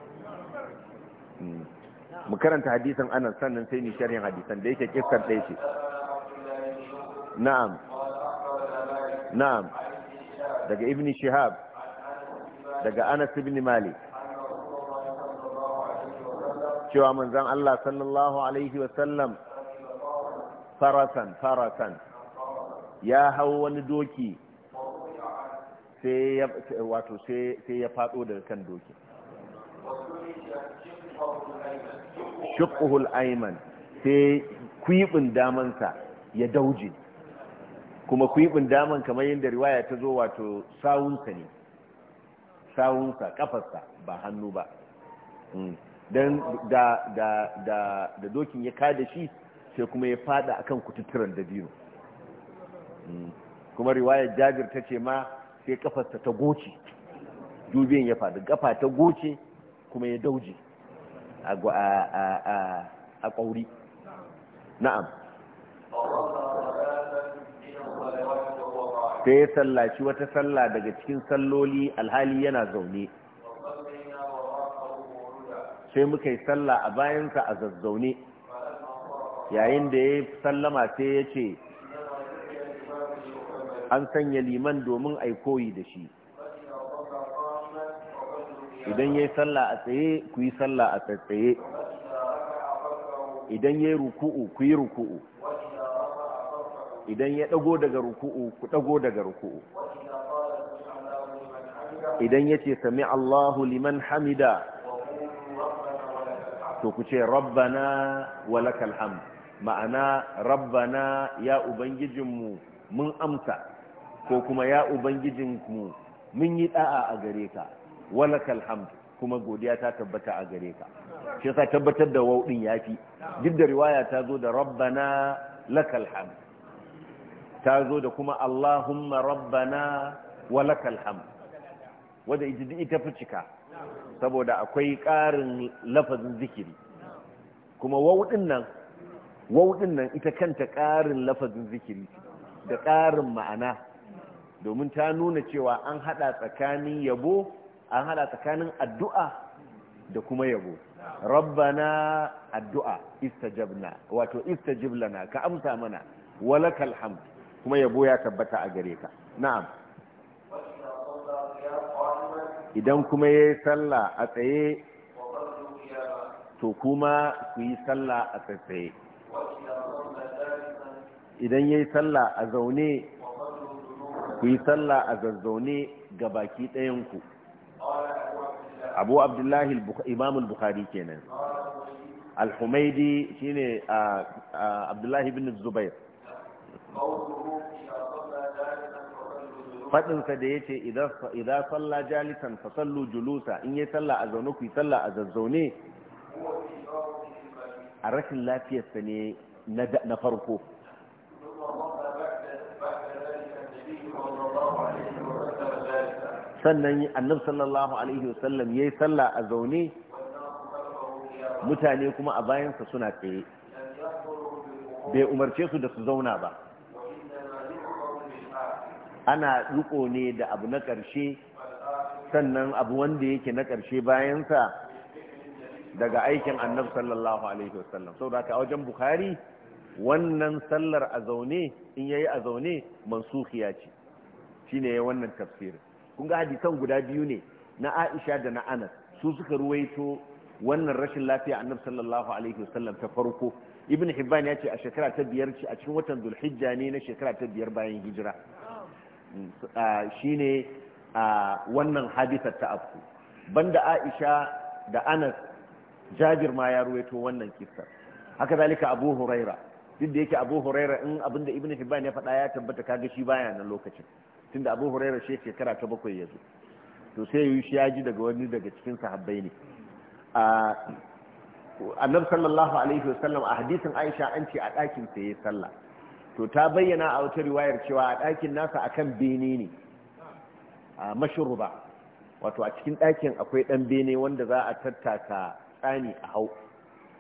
mu karanta hadisin anan sannan sai ni sharhin hadisan da yake kiskar ɗaya ce na'am na'am daga ibn shihab daga anas ibn malik cewa manzon Allah sallallahu alaihi sallam farasan farasan ya hau wani doki sai ya wato sai ya fado daga kan doki Shukuhul ayman sai kwibin damansa ya dauje kuma kwibin daman kamar yadda riwaya ta zo wato sawunsa ne sawunsa kafarsa ba hannu ba hmm. don da dokin ya kada shi sai kuma ya fada akan kututturan biyu hmm. kuma riwaya jabir ta ce ma sai kafarsa ta goce dubiyan ya fada kafa ta goce kuma ya dauje a ƙauri na'am sai ya sallaci wata salla daga cikin salloli alhali yana zaune sai muka yi salla a bayansa a zazzaune yayin da ya sallama sai ya ce an sanya liman domin a koyi da shi idan yayi sallah a tsaye ku yi sallah a tsaye idan yayi ruku'u ku yi ruku'u idan ya dago daga ruku'u ku dago daga ruku'u idan yace sami Allahu liman hamida to ku ce rabbana walakal ham ma'ana rabbana ya ubangijinmu mun amsa ko kuma ya ubangijinmu mun yi da'a a gare ka walakal hamd kuma godiya ta tabbata a gare ka shi yasa tabbatar da wau din yafi duk da riwaya ta zo da rabbana lakal hamd ta zo da kuma allahumma rabbana walakal hamd wanda ita fi cika saboda akwai ƙarin lafazin zikiri kuma wau din nan wau din nan ita kanta ƙarin lafazin zikiri da ƙarin ma'ana domin ta nuna cewa an hada tsakanin yabo an hada tsakanin addu'a da kuma yabo rabbana addu'a istajabna wato istajib lana ka amsa mana walakal hamd kuma yabo ya tabbata a gare ka na'am idan kuma yi sallah a tsaye to kuma ku yi sallah a tsaye idan yayi sallah a zaune ku yi sallah a zazzaune ga baki ɗayanku ku abu abdullahi imamul bukhari kenan al-humaidi shine abdullahi bin zubair faɗinsa da ya ce idan salla jalisan fasallu julusa in yi salla a zaune ku yi salla a zazzaune a rashin lafiyarsa ne na farko sannan annab sallallahu alaihi wasallam yayi sallah a zaune mutane kuma a bayansa suna tsaye bai umarce su da su zauna ba ana riko ne da abu na ƙarshe sannan abu wanda yake na ƙarshe bayansa daga aikin annab sallallahu alaihi wasallam sau da wajen Bukhari wannan sallar a zaune in yayi a zaune mansukiya ce shine wannan tafsirin kun ga hadisan guda biyu ne na Aisha da na Anas su suka ruwaito wannan rashin lafiya annabi sallallahu alaihi wasallam ta farko ibn hibban ya ce a shekara ta biyar ce a cikin watan dulhijja ne na shekara ta biyar bayan hijira shine wannan hadisar ta afku banda aisha da anas jabir ma ya ruwaito wannan kissa haka zalika abu huraira duk da yake abu huraira in abinda ibn hibban ya faɗa ya tabbata kaga shi baya nan lokacin da abu huraira shi shekara ta bakwai ya zo to sai yi shi ya ji daga wani daga cikin sahabbai ne a annab sallallahu alaihi wasallam a hadisin aisha an ce a ɗakin sa ya salla. to ta bayyana a wata riwayar cewa a ɗakin nasa akan bene ne a mashruba wato a cikin ɗakin akwai ɗan bene wanda za a tattata tsani a hau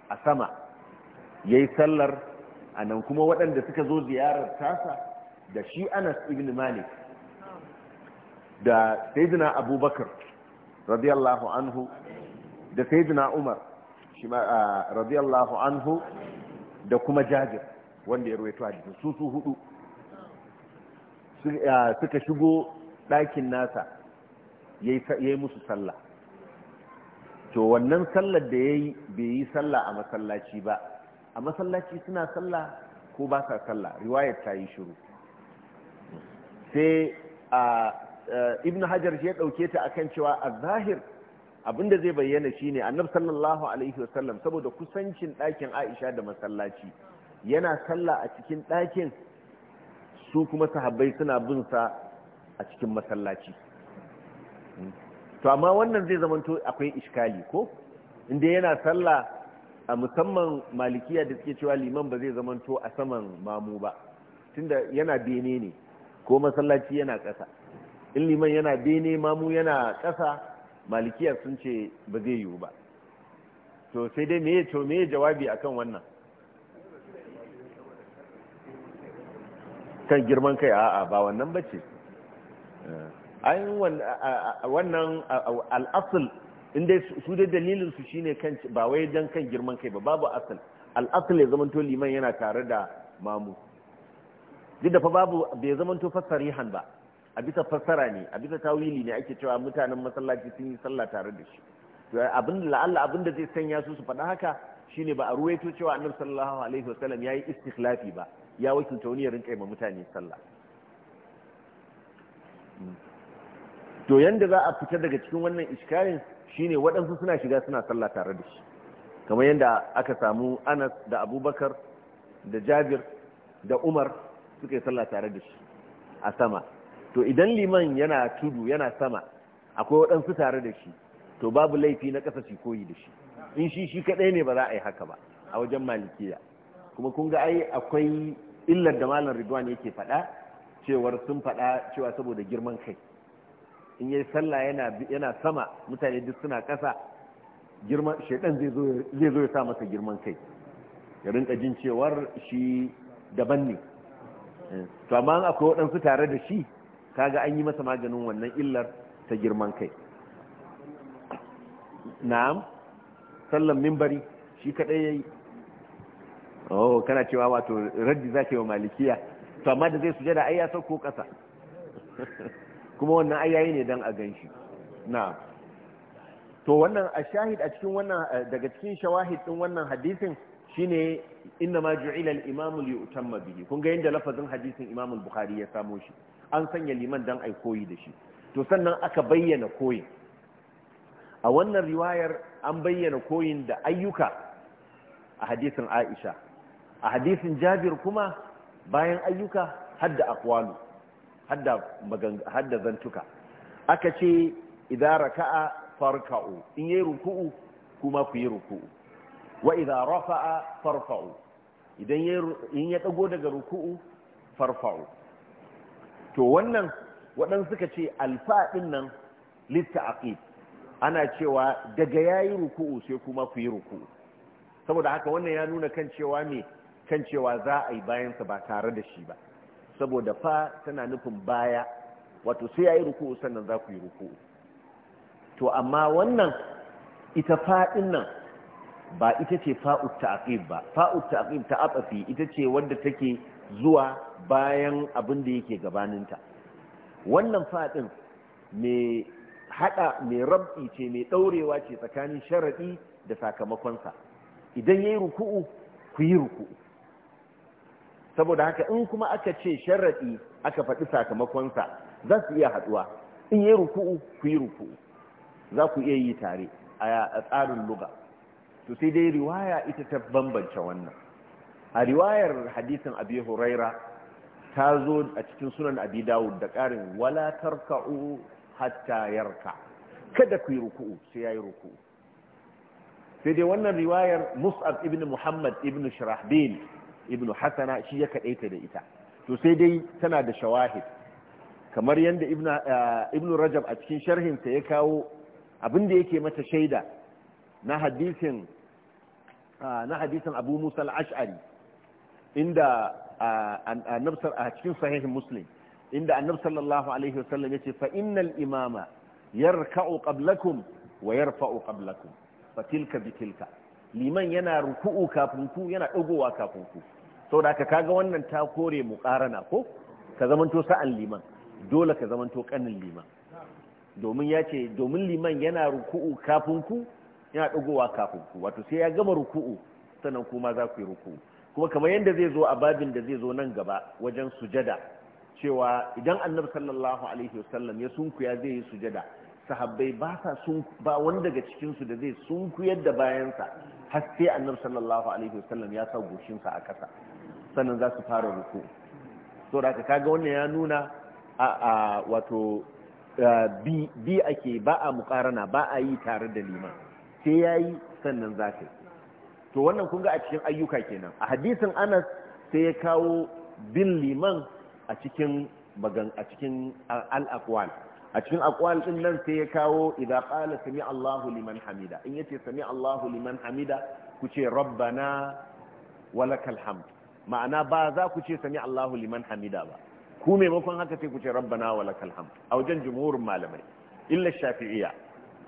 a sama Ya yi sallar a nan kuma waɗanda suka zo ziyarar tasa da shi anas ibn malik da saidina abubakar radiyallahu anhu da saidina umar radiyallahu anhu da kuma Jajir wanda ya ruwaito hadisin su su hudu suka shigo ɗakin nasa ya yi musu sallah to wannan sallar da ya yi bai yi sallah a masallaci ba a masallaci suna sallah ko ba sa sallah riwayar ta yi shuru sai a Eh, ibn hajar shi ya ɗauke ta akan cewa a zahir abinda zai bayyana shine annab sallallahu alaihi wasallam saboda kusancin ɗakin aisha da masallaci yana sallah a cikin ɗakin su kuma sahabbai suna bin sa a cikin masallaci hmm. to amma wannan zai zamanto akwai iskali ko inda yana sallah a musamman malikiya da suke cewa liman ba zai zamanto a saman mamu ba tunda yana bene ne ko masallaci yana ƙasa in liman yana bene mamu yana ƙasa malikiyar sun ce ba zai yiwu ba to sai dai me to me jawabi akan wannan kan girman kai a'a ba wannan bace eh, ayin wannan al'asul inda su da dalilin su shine kan ba wai dan kan girman kai ba babu asal al'asul ya zamanto liman yana tare da mamu duk da fa babu bai zamanto fasarihan ba a bisa fassara ne a bisa tawili ne ake cewa mutanen masallaci sun yi sallah tare da shi abin la'alla abin da zai sanya su su faɗa haka shine ba a ruwaito cewa annabi sallallahu alaihi wasallam yayi istikhlafi ba ya wakilta wani ya rinka ma mutane sallah to yanda za a fita daga cikin wannan iskalin shine waɗansu suna shiga suna sallah tare da shi kamar yadda aka samu Anas da Abubakar da Jabir da Umar suka yi sallah tare da shi a sama to idan liman yana tudu yana sama akwai waɗansu tare da shi to babu laifi na ƙasa shi koyi da shi in shi shi kaɗai ne ba za a yi haka ba a wajen malikiya kuma kun ga ai akwai illar da malam ridwan yake faɗa cewar sun faɗa cewa saboda girman kai in yi sallah yana sama mutane duk suna ƙasa girman shaidan zai zo ya sa masa girman kai ya rinka jin cewar shi daban ne eh, to amma akwai waɗansu tare da shi kaga an yi masa maganin wannan illar ta girman kai na'am sallan mimbari shi kadai yayi oh kana cewa wato raddi yi wa malikiya to amma da zai sujada ai ya sauko kasa kuma wannan ayayi ne dan a ganshi na'am to wannan a shahid a cikin wannan daga cikin shawahid din wannan hadisin shine inna ma ju'ila al-imam li yutamma bihi kun ga yanda lafazin hadisin imam al-bukhari ya samo shi an sanya liman dan ai koyi da shi to sannan aka bayyana koyin a wannan riwayar an bayyana koyin da ayyuka a hadisin Aisha a hadisin Jabir kuma bayan ayyuka hadda aqwalu hadda hadda zantuka aka ce idza raka'a farka'u in yayi ruku'u kuma ku yi ruku'u wa idza rafa'a farfa'u idan in ya dago daga ruku'u farfa'u to wannan waɗansu suka ce alfa ɗin nan ana cewa daga yayi ruku'u sai kuma ku yi ruku'u saboda haka wannan ya nuna kan cewa ne kan cewa za a yi bayansa ba tare da shi ba saboda fa tana nufin baya wato sai yayi ruku'u sannan za ku yi ruku'u to amma wannan ita faɗin nan ba ita ce fa'ut ta'aqib ba fa'ut ta'aqib ta ita ce wanda take zuwa bayan abin da yake gabaninta wannan faɗin mai haɗa mai rabbi ce mai ɗaurewa ce tsakanin sharaɗi da sakamakonsa idan ya yi ruku'u ku yi ruku'u saboda haka in kuma aka ce sharaɗi aka faɗi sakamakonsa za su iya haɗuwa in ya yi ruku'u ku yi ruku'u za ku iya yi tare a tsarin luga to sai dai riwaya ita ta bambance wannan a riwayar hadisin abi huraira ta zo a cikin sunan abi dawud da ƙarin wala tarka'u hatta yarka kada ku yi ruku'u sai yayi ruku'u sai dai wannan riwayar mus'ab ibn muhammad ibn shirahbil ibn hasana shi ya kaɗaita da ita to sai dai tana da shawahid kamar yadda ibn eh, rajab a cikin sharhinsa ya kawo abin da yake mata shaida na hadisin eh, na hadisin abu musa ashari. inda a cikin sahihin muslim inda annab sallallahu alaihi wasallam yace fa innal imama yarka'u qablakum wa yarfa'u qablakum Fatilka bitilka bi tilka liman yana ruku'u kafin ku yana dagowa kafin ku saboda ka kaga wannan ta kore mu karana ko ka zamanto sa'an liman dole ka zamanto kanin liman domin ya ce domin liman yana ruku'u kafin ku yana dagowa kafin ku wato sai ya gama ruku'u sannan kuma za ku yi ruku'u kuma kamar yadda zai zo a babin da zai zo nan gaba wajen sujada cewa idan annabi sallallahu alaihi wasallam ya sunkuya zai yi sujada sahabbai ba sa sun ba wani daga cikin su da zai sunkuyar da bayansa har sai annab sallallahu alaihi wasallam ya sa goshin sa a kasa sannan za su fara ruku to da kaga wannan ya nuna a wato bi ake ba a mukarana ba a yi tare da liman sai yayi sannan za ka yi to wannan kun ga a cikin ayyuka kenan a hadisin anas sai ya kawo bin liman a cikin magan a cikin al-aqwal a cikin aqwal din nan sai ya kawo idza qala sami Allahu liman hamida in yace sami Allahu liman hamida ku ce rabbana walakal hamd ma'ana ba za ku ce sami Allahu liman hamida ba ku maimakon haka sai ku ce rabbana walakal hamd a wajen jumhurin malamai illa shafi'iyya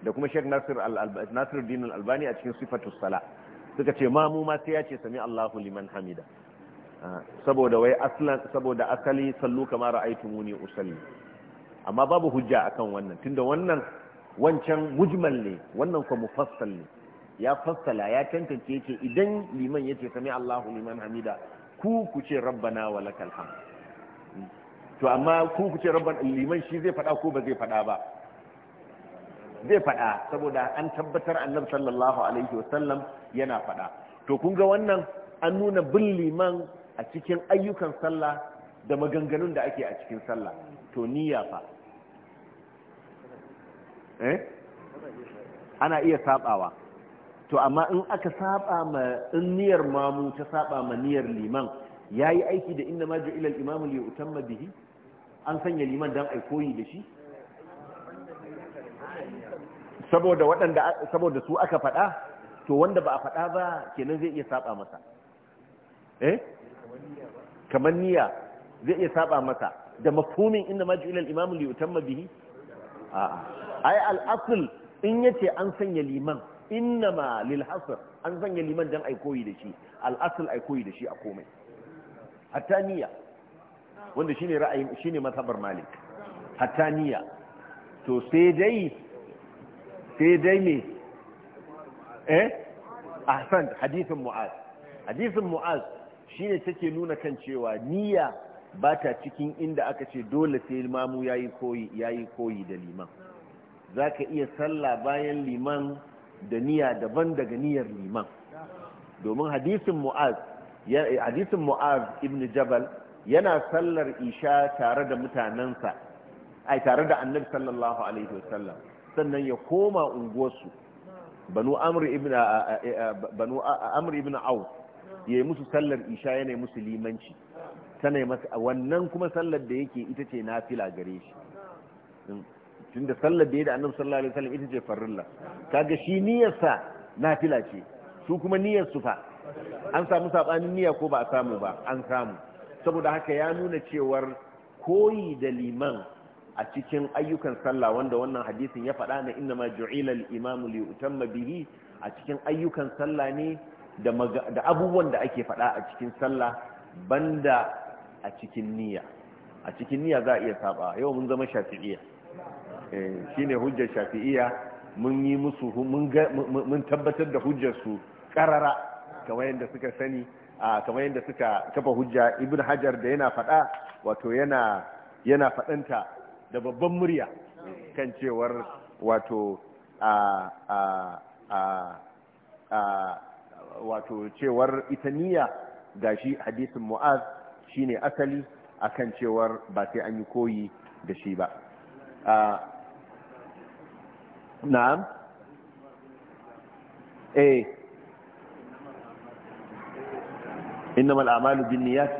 da kuma Sheikh Nasir al-Albani a cikin sifatus salat suka ce ma mu ma sai ya ce sami Allahu liman hamida ah, saboda wai aslan saboda asali sallu kama ra'aytumuni usalli amma babu hujja akan wannan tunda wannan wancan mujmal ne wannan kuma mufassal ne ya fassala ya tantance yake idan liman yace sami Allahu liman hamida ku ku ce rabbana wa lakal hamd hmm. to amma ku ku ce rabban liman shi zai fada ko ba zai fada ba zai faɗa saboda an tabbatar annabi sallallahu alaihi wasallam yana faɗa to kun ga wannan an nuna bin liman a cikin ayyukan sallah da maganganun da ake a cikin sallah to niyya fa eh ana iya sabawa to amma in aka saba ma in niyyar mamu ta saba ma niyyar liman yayi aiki da inna ma ju'ila al-imamu li yutamma bihi an sanya liman dan ai koyi da shi saboda waɗanda saboda su aka faɗa to wanda ba a faɗa ba kenan zai iya saba masa eh kamar niyya zai iya saba masa da mafhumin inda ma ju'ilal imamu li yutamma bihi a'a ai al-asl in yace an sanya liman ma lil hasr an sanya liman dan ai koyi da shi al-asl ai koyi da shi a komai hatta niyya wanda shine ra'ayin shine mazhabar malik hatta niyya to sai dai sai dai me eh ahsan hadisin mu'az hadisin mu'az shine take nuna kan cewa niyya ba ta cikin inda aka ce dole sai limamu yayi koyi yayi koyi da liman zaka iya sallah bayan liman da niyya daban daga niyyar liman domin hadisin mu'az hadisin mu'az ibn jabal yana sallar isha tare da mutanansa. ai tare da annabi sallallahu alaihi wasallam sannan ya koma unguwarsu banu amr ibn banu amr ibn au yayi musu sallar isha yana musu limanci masa wannan kuma sallar da yake ita ce nafila gare shi tunda sallar da ya da annabi sallallahu alaihi wasallam ita ce farilla kaga shi na nafila ce su kuma niyyar su fa an samu sabanin niyya ko ba a samu ba an samu saboda haka ya nuna cewar koyi da liman a cikin ayyukan sallah wanda wannan hadisin ya faɗa na inna ma ju'ila al-imamu li yutamma bihi a cikin ayyukan sallah ne da abubuwan da ake faɗa a cikin sallah banda a cikin niyya a cikin niyya za a iya saba yau mun zama shafi'iyya eh shine hujjar shafi'iyya mun yi musu mun mun tabbatar da hujjar su karara kamar yadda suka sani kamar yadda suka kafa hujja ibn hajar da yana faɗa wato yana yana faɗanta da babban murya kan cewar wato wato cewar ita niyya gashi hadisin mu'az shine asali akan cewar ba sai an yi koyi da shi ba na'am eh innamal a'malu binniyat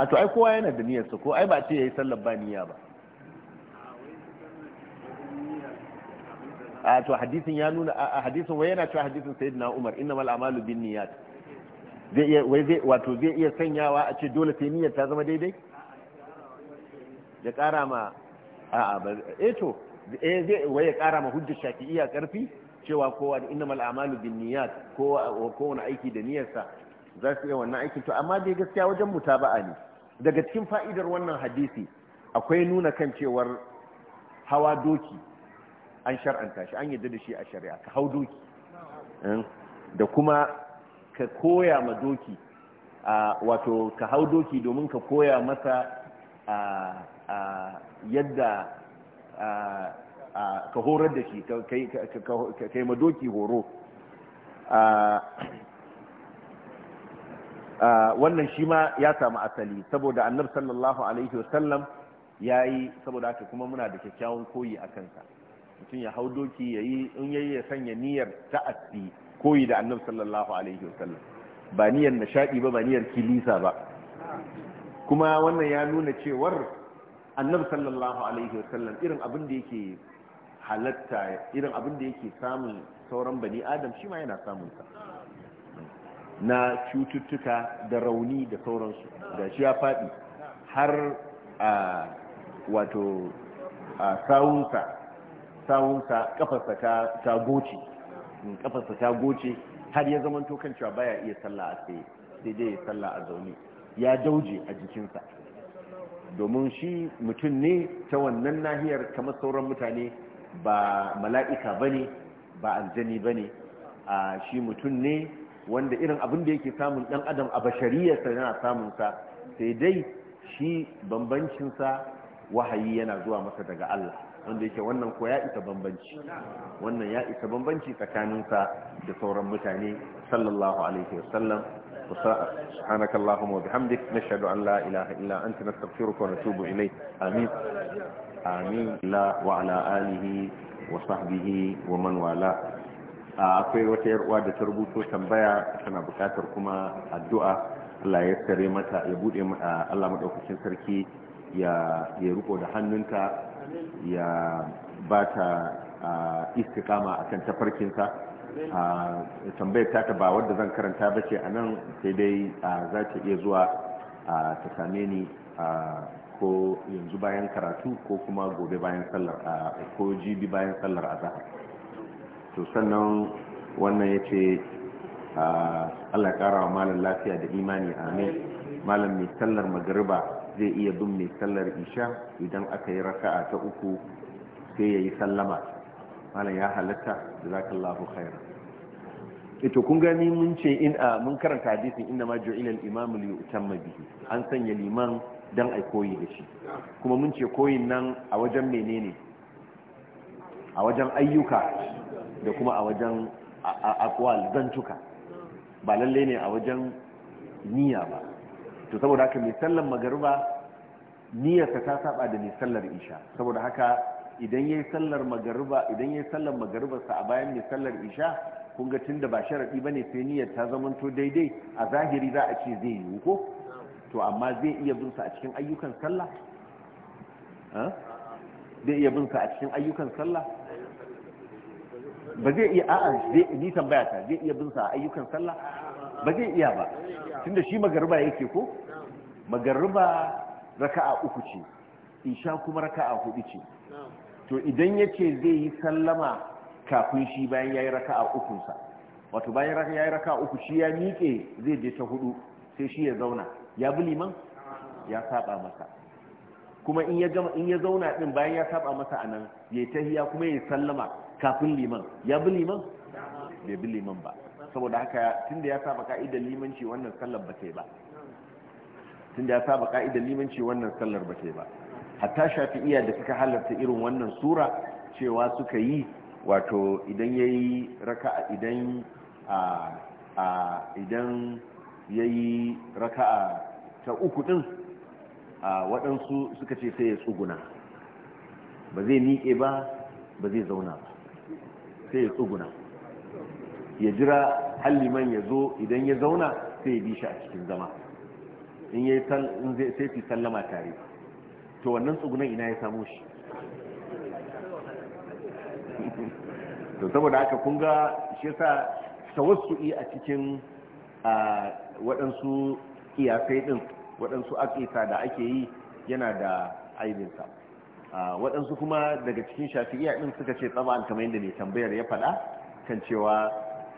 a to ai kowa yana da sa ko ai ba ce yayi sallar ba niyya ba a to hadisin ya nuna a hadisin wai yana cewa hadisin sayyidina Umar innamal a'malu niyyat zai iya wai zai wato zai iya sanyawa a ce dole sai niyyar ta zama daidai ya kara ma a a ba eh to eh zai wai ya kara ma hujjar shafi'iyya karfi cewa kowa innamal a'malu niyyat kowa wani aiki da niyyarsa za su iya wannan aikin to amma dai gaskiya wajen mutaba'a ne daga cikin fa'idar wannan hadisi akwai nuna kan cewar hawa doki an shar'anta shi an yadda da shi a shari'a ka hau doki eh? da kuma ka koya ma doki wato ka hau doki domin ka koya masa yadda ka horar da shi ka yi ma doki horo wannan shi ma ya samu asali saboda annar sallallahu alaihi wasallam ya yi saboda haka kuma muna da kyakkyawan koyi a kansa mutum ya hau doki ya yi in yayi ya sanya niyyar ta'addi koyi da annabi sallallahu alaihi wasallam ba niyyar nishadi ba ba niyyar kilisa ba kuma wannan ya nuna cewar annabi sallallahu alaihi wasallam irin abin da yake halatta irin abin da yake samun sauran bani adam shi ma yana samun sa na cututtuka da rauni da sauransu da shi ya faɗi har a wato a sawunsa sawunsa kafarsa ta goce hmm, kafarsa ta goce har ya zamanto tokan cewa baya iya sallah a tsaye sai dai ya sallah a zaune ya dauje a jikinsa domin shi mutum ne ta wannan nahiyar kamar sauran mutane ba mala'ika bane ba aljani bane a shi mutum ne wanda irin abin da yake samun dan adam a bashariyarsa yana samun sa sai dai shi bambancinsa wahayi yana zuwa masa daga Allah wanda yake wannan ko ya isa bambanci wannan ya isa bambanci da sauran mutane sallallahu alaihi wasallam سبحانك اللهم وبحمدك نشهد أن لا إله إلا أنت نستغفرك ونتوب إليك akwai wata yarwa da ta rubuto tambaya tana bukatar kuma addu'a Allah mata ya bude Allah madaukakin sarki ya ya riko da hannunta ya ba ta istikama akan tafarkinsa tambayar ta ba wadda zan karanta ba ce a nan sai dai za ta iya zuwa ta same ni ko yanzu bayan karatu ko kuma gobe bayan sallar ko jibi bayan sallar azahar to sannan wannan ya ce allah kara wa malam lafiya da imani amin malam mai sallar magariba zai iya bin mai sallar isha idan aka yi raka'a ta uku sai ya yi sallama malam ya halatta da za lafi khairu ito eh, kun gani mun ce in a mun karanta hadisin inda ma ju'ila al-imam li bihi an sanya liman dan a koyi da shi kuma mun ce koyin nan a wajen menene a wajen ayyuka da kuma a wajen zantuka ba lalle ne a wajen niyya ba to saboda haka mai sallan magariba niyyarsa ta saba da mai sallar isha saboda haka idan yayi sallar magariba idan yayi sallar magariba sa a bayan mai sallar isha kun ga tunda ba sharadi bane sai niyyar ta to daidai a zahiri za a ce zai yi ko to amma zai iya bin sa a cikin ayyukan sallah zai iya bin sa a cikin ayyukan sallah ba zai iya a'a zai ni tambaya ta zai iya bin sa a ayyukan sallah ba zai iya ba tunda shi magariba yake ko magariba raka'a uku ce isha kuma raka'a hudu ce to idan yace zai yi sallama kafin shi bayan yayi raka'a uku sa wato bayan yayi raka'a uku shi ya miƙe zai je ta hudu sai shi ya zauna ya bi liman ya saba masa kuma in ya gama in ya zauna din bayan ya saba masa anan yayi tahiya kuma yayi sallama kafin liman ya bi liman bai bi liman ba saboda haka tunda ya saba ka'idar limanci wannan sallar ba ta ba da ya saba ka'idar limanci wannan sallar ba ta ba hatta shafi'iyya da suka halarta irin wannan sura cewa suka yi wato idan ya raka'a idan a a raka'a ta uku din a waɗansu suka ce sai ya tsuguna ba zai miƙe ba ba zai zauna ba sai ya tsuguna ya jira halliman ya zo idan ya zauna sai ya bi shi a cikin zama in ya sai sallama tare to wannan tsugunan ina ya samu shi to saboda haka kun ga shi yasa tawassu'i a cikin waɗansu iyakai ɗin waɗansu aƙisa da ake yi yana da aibinsa waɗansu kuma daga cikin shafi'iyya ɗin suka ce tsaba'an kamar da mai tambayar ya faɗa kan cewa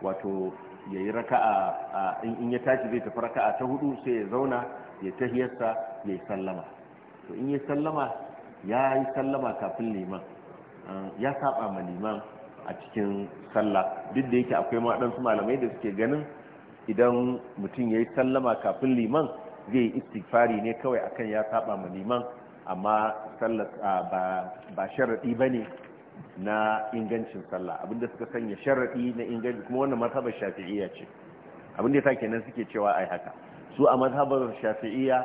wato ya yi raka'a in ya tashi zai tafi raka'a ta hudu sai ya zauna ya tahiyarsa ya yi sallama to in ya sallama ya yi sallama kafin liman ya saba ma liman a cikin sallah duk da yake akwai waɗansu malamai da suke ganin idan mutum ya yi sallama kafin liman zai yi istighfari ne kawai akan ya saba ma liman amma ba sharaɗi ba ne na ingancin sallah abinda suka sanya sharadi na inganci kuma wannan mazhabar shafi'iyya ce abinda yasa kenan suke cewa ai haka su a mazhabar shafi'iyya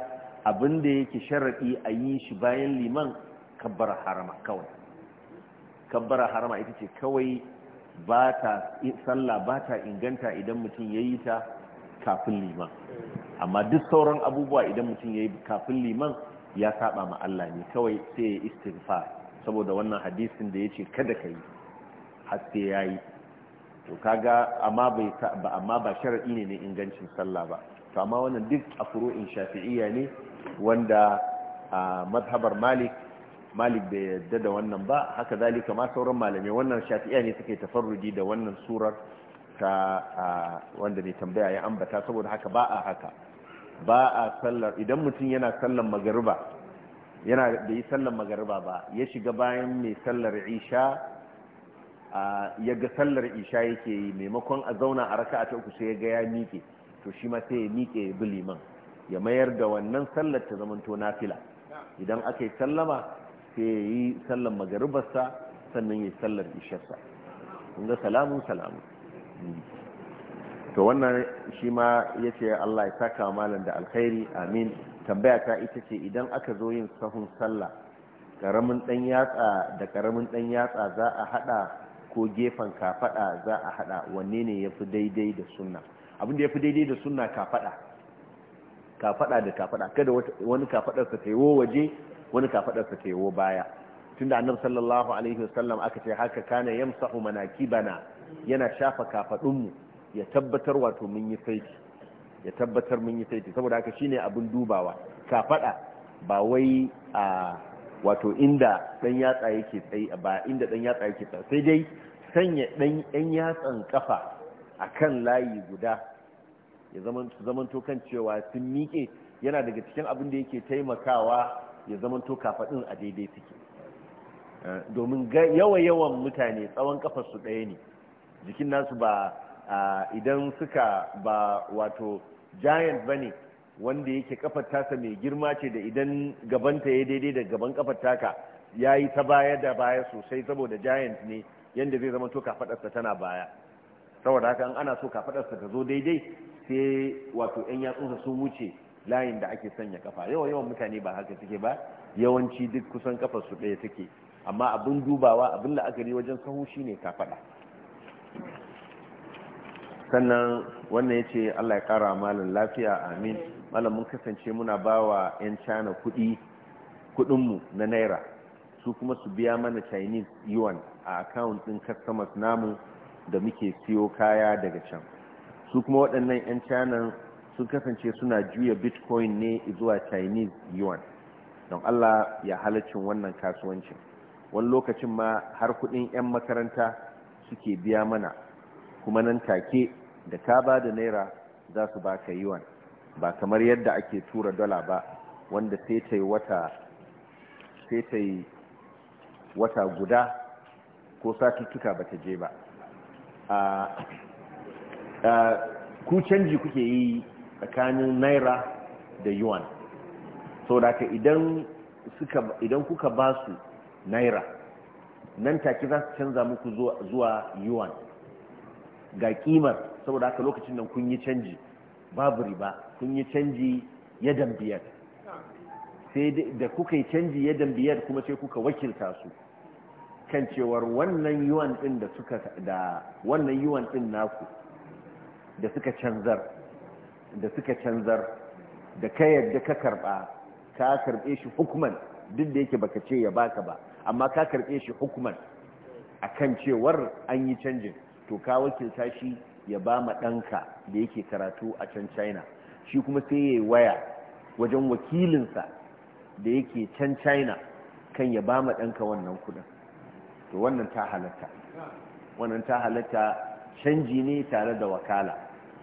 abinda yake sharadi a yi shi bayan liman kabbar harama kawai kabbar harama ita ce kawai ba ta sallah ba ta inganta idan mutum yayi ta kafin liman amma duk sauran abubuwa idan mutum yayi kafin liman ya saba ma Allah ne kawai sai ya istighfar saboda wannan hadisin da ya ce kada ka yi haske ya yi to kaga amma ba amma ba ne na ingancin sallah ba to amma wannan duk a furu'in shafi'iyya ne wanda a mazhabar malik malik bai yadda da wannan ba haka zalika ma sauran malamai wannan shafi'iyya ne suke tafarruji da wannan surar ta wanda mai tambaya ya ambata saboda haka ba a haka ba a sallar idan mutum yana sallar magariba yana da yi sallar magariba ba ya shiga bayan mai sallar isha ya ga sallar isha yake yi maimakon a zauna a raka ta uku sai ya ga ya miƙe to shi ma sai ya miƙe ya bi liman ya mayar da wannan sallar ta zamanto nafila idan aka yi sallama sai ya yi sallar magaribarsa sannan ya yi sallar isharsa kun ga salamun hmm. to wannan shi ma ya ce Allah ya saka malam da alkhairi amin tambaya ta ita ce idan aka zo yin sahun sallah karamin dan yatsa da karamin dan yatsa za a hada ko gefen kafada za a hada wanne ne yafi daidai da sunna abin da yafi daidai da sunna kafada kafada da kafada kada wani kafadar sa tayo waje wani kafadar sa tayo baya tunda annabi sallallahu alaihi wasallam aka ce haka kana yamsahu manakibana yana shafa kafadun mu ya tabbatar wato mun yi saiti ya tabbatar mun yi saiti saboda haka shine abin dubawa ka fada ba wai a wato inda dan yatsa yake tsayi ba inda dan yatsa yake tsayi sai dai sanya dan yan yatsan kafa akan layi guda ya zamanto kan cewa sun miƙe yana daga cikin abin da yake taimakawa ya zamanto kafaɗin a daidai suke eh, domin yawa-yawan mutane tsawon kafarsu ɗaya ne jikin nasu ba idan suka ba wato giant bane wanda yake kafar tasa mai girma ce da idan gabanta ya daidai da gaban kafar taka ya yi ta baya da baya sosai saboda giant ne yadda zai zama to kafadarsa tana baya saboda haka ana so kafadarsa ta zo daidai sai wato 'yan yatsunsa sun wuce layin da ake sanya kafa yawan yawan mutane ba haka suke ba yawanci duk kusan kafar su ɗaya take amma abin dubawa abin la'akari wajen sahu shine kafada sannan wannan ya ce allah ya kara malam lafiya amin malam mun kasance muna ba wa 'yan china kudi kudinmu na naira su kuma su biya mana chinese yuan a account din customers namu da muke siyo kaya daga can su kuma waɗannan 'yan china sun kasance suna juya bitcoin ne zuwa chinese yuan don allah ya halaccin wannan kasuwancin wani lokacin ma har kudin 'yan makaranta suke biya mana kuma nan take da ka ba da naira za su baka yiwan ba kamar yadda ake tura dola ba wanda sai ta yi wata sai ta yi wata guda ko satuttuka ba ta je ba ku canji kuke yi tsakanin naira da yuan sau da ka idan kuka ba su naira nan take za su canza muku zuwa yuan ga kimar saboda haka lokacin nan kun yi canji babu riba kun yi canji yadan biyar sai da kuka yi canji ya dambiyar kuma sai kuka wakilta su kan cewar wannan yuwan din da suka da wannan yuwan din naku da suka canzar da suka canzar da ka yadda ka karba ka karbe shi hukuman duk da yake baka ce ya baka ba amma ka karbe shi hukuman akan cewar an yi canjin to ka wakilta shi ya ba ma ɗanka da yake karatu a can china shi kuma sai ya yi waya wajen wakilinsa da yake can china kan ya ba ma ɗanka wannan kudin to wannan ta halatta wannan ta halatta canji ne tare da wakala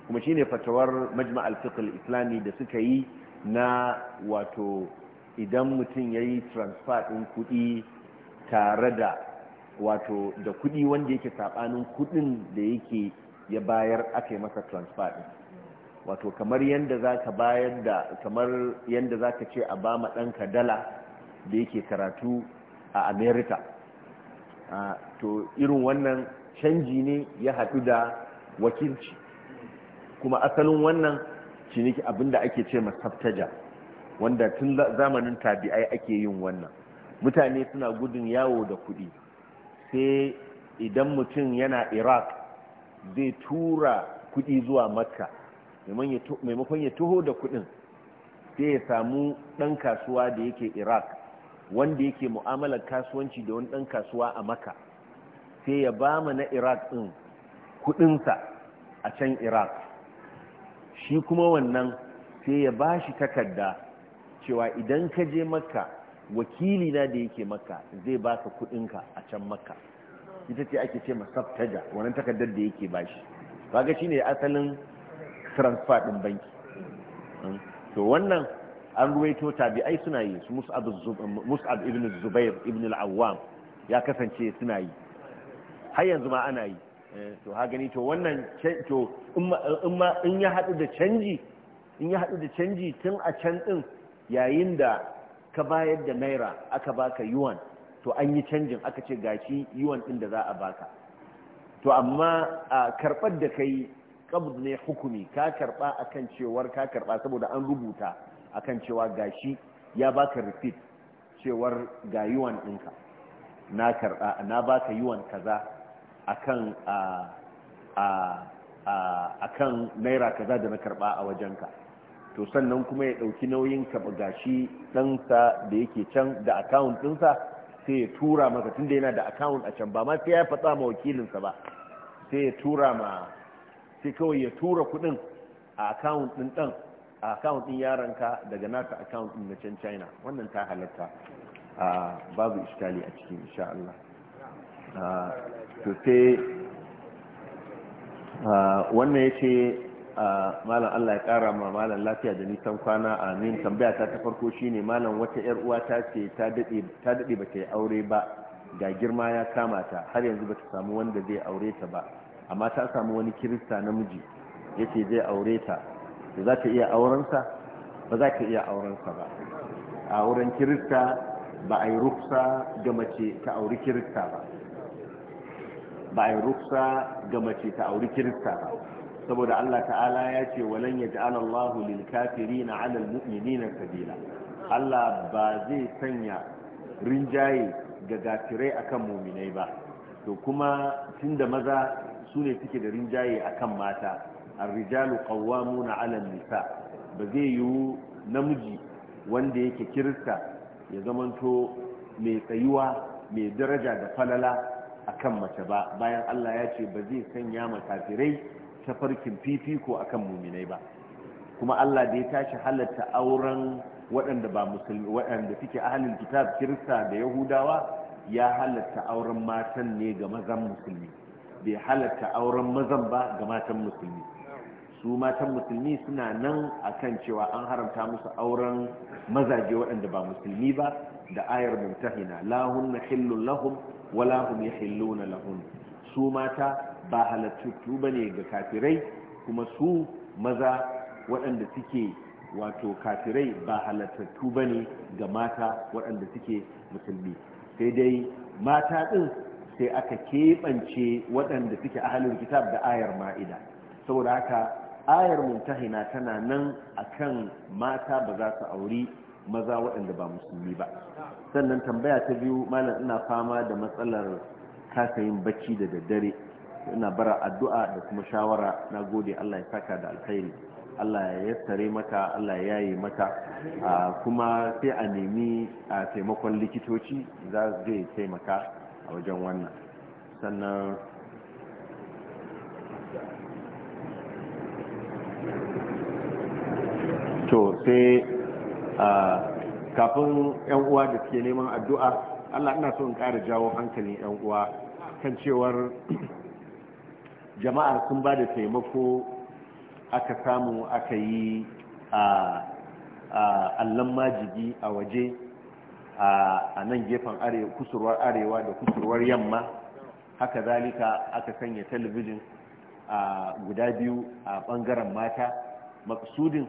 kuma shi ne fatawar majma al islami da suka yi na wato idan mutum ya yi transfer ɗin kuɗi tare da wato da kuɗi wanda yake saɓanin kuɗin da yake ya bayar aka yi masa transfer din wato kamar yadda za ka bayar da kamar yadda za ce a ba ma ɗanka dala da yake karatu a america to irin wannan canji ne ya haɗu da wakilci kuma asalin wannan ciniki abinda ake ce masabtaja wanda tun zamanin tabi'ai ake yin wannan mutane suna gudun yawo da kuɗi sai idan mutum yana iraq zai tura kudi zuwa makka maimakon ya tuho da kudin sai ya samu dan kasuwa da yake iraq wanda yake mu'amalar kasuwanci da wani dan kasuwa a makka sai ya ba na iraq din kudinsa a can iraq shi kuma wannan sai ya ba shi takarda cewa idan ka je makka wakili na da yake maka zai baka kudinka a can maka ita ce ake ce masabtaja wannan takardar da yake bashi shi shine asalin transfer din banki hmm? to wannan an ruwaito tabi'ai suna yi su mus'ab ibn zubair ibn al-awwam ya kasance suna yi har yanzu ma ana yi eh, to ha gani to wannan to in ya hadu da canji in ya hadu da canji tun a can din yayin da ka bayar da naira aka baka yuwan to an yi canjin aka ce gashi yuwan din da za a baka to amma a karɓar da kai qabd ne hukumi ka karba akan cewar ka karɓa saboda an rubuta akan cewa gashi ya baka rifit cewar ga yuwan ɗinka na karba na baka yuwan kaza akan a a akan naira kaza da na karɓa a wajenka to sannan kuma ya ɗauki nauyin ka gashi ɗansa da yake can da akawun ɗinsa sai ya tura masa da yana da akawun a can ba ma sai ya fata ma wakilinsa ba sai ya tura ma sai kawai ya tura kuɗin a akawun ɗin ɗan a akawun ɗin yaranka daga nata akawun ɗin na can china wannan ta halatta babu iskali a cikin insha Allah to sai wannan ya ce malam Allah ya kara ma malam lafiya da nisan kwana amin tambaya ta ta farko shine malam wata yar uwa ta ce ta dade ta dade ba ta yi aure ba ga girma ya kama ta har yanzu ba ta samu wanda zai aure ta ba amma ta samu wani kirista namiji yace zai aure ta to za ta iya auren sa ba za ta iya auren sa ba a wurin kirista ba a yi rufsa ga mace ta auri kirista ba ba a yi rufsa ga mace ta auri kirista ba saboda Allah ta'ala ya ce walan yaj'ala Allahu lil kafirina 'ala al mu'minina sabila Allah ba zai sanya rinjaye ga gafirai akan muminai ba to kuma tunda maza su ne suke da rinjaye akan mata ar-rijalu qawwamuna 'ala an-nisa ba zai yiwu namiji wanda yake kirista ya zamanto mai tsayuwa mai daraja da falala akan mace ba bayan Allah ya ce ba zai sanya makafirai tafarkin fifiko akan muminai ba kuma Allah da ya tashi halatta auren waɗanda ba musulmi waɗanda suke ahalin kitab kirista da yahudawa ya halatta auren matan ne ga mazan musulmi bai halatta auren mazan ba ga matan musulmi su matan musulmi suna nan akan cewa an haramta musu auren mazaje waɗanda ba musulmi ba da ayar mutahina lahun na hillun lahum wala hum yahilluna lahun su mata ba halattu ba ne ga kafirai kuma su maza waɗanda suke wato kafirai ba halattu ba ne ga mata waɗanda suke musulmi sai dai mata ɗin sai aka keɓance waɗanda suke ahalin kitab da ayar ma'ida saboda haka ayar tahina tana nan akan mata ba za su auri maza waɗanda ba musulmi ba sannan tambaya ta biyu malam ina fama da matsalar yin bacci da daddare ina bara addu'a da kuma shawara na gode Allah ya saka da alkhairi Allah ya yassare maka Allah ya yi maka kuma sai a nemi a taimakon likitoci za zai taimaka a wajen wannan sannan to sai kafin 'yan uwa da suke neman addu'a Allah ina so in ƙara jawo hankalin 'yan uwa kan cewar jama'a sun ba da taimako aka samu aka yi allon majigi a waje a nan gefen kusurwar arewa da kusurwar yamma haka zalika aka sanya talabijin guda biyu a bangaren mata maksudin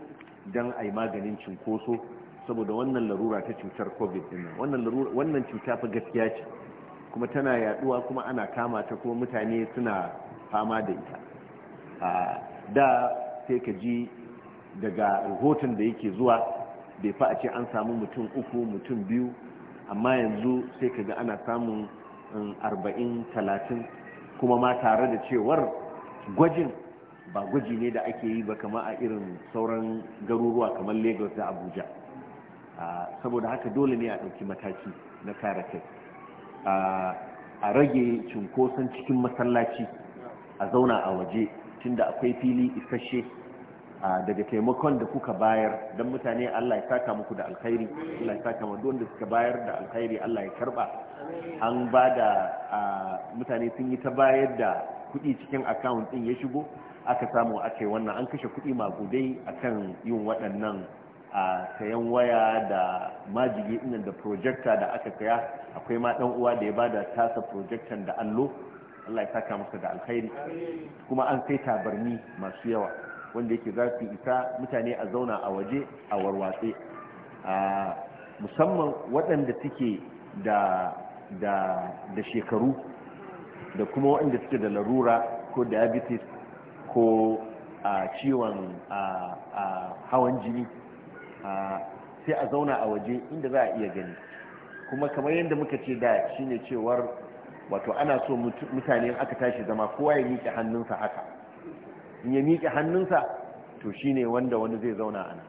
don a yi maganin cinkoso saboda wannan larura ta cutar covid dinnan wannan cuta fa gaskiya ce kuma tana yaduwa kuma ana kama ta kuma mutane suna fama da ita da sai ka ji daga rahoton da yake zuwa bai fa a ce an samu mutum uku mutum biyu amma yanzu sai ka ga ana samun um, arba'in talatin kuma ma tare da cewar gwajin ba gwaji ne da ake yi ba kama a irin sauran garuruwa kamar lagos da abuja saboda haka dole ne a ɗauki mataki na kare kai a rage cunkoson cikin masallaci a zauna a waje tunda akwai fili isasshe daga taimakon da kuka bayar don mutane Allah ya saka muku da alkhairi Allah ya saka maduwan wanda suka bayar da alkhairi Allah ya karba an ba da mutane sun yi ta bayar da kuɗi cikin akawunt din ya shigo aka samu ake wannan an kashe kuɗi magudai kan yin waɗannan a sayan waya da majigi ɗin da projector da aka saya akwai ma ɗan uwa da ya ba da tasa projector da allo Allah ya saka masa da alkhairi kuma an sai tabarni masu yawa wanda yake za su isa mutane a zauna a waje a warwatse musamman waɗanda suke da da da shekaru da kuma waɗanda suke da larura ko diabetes ko a ciwon a hawan jini sai a zauna a waje inda za a iya gani kuma kamar yadda muka ce da shine cewar wato ana so mutane aka tashi zama kowa ya miƙe hannunsa haka in ya miƙe hannunsa to shine wanda wani zai zauna ana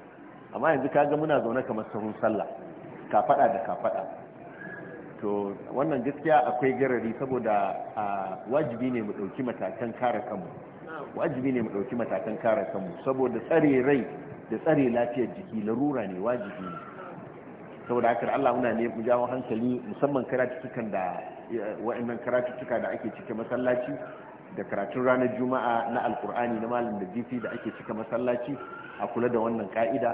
amma yanzu ka ga muna zaune kamar sahun sallah ka faɗa da ka faɗa to wannan gaskiya akwai garari saboda wajibi ne mu ɗauki matakan kare kanmu wajibi ne mu ɗauki matakan kare kanmu saboda tsare rai da tsare lafiyar jiki larura ne wajibi ne saboda haka Allah muna ne mu jawo hankali musamman karatu sukan da wa'annan karatuttuka da ake cike masallaci da karatun ranar juma'a na alkur'ani na malam da jifi da ake cika masallaci a kula da wannan ka'ida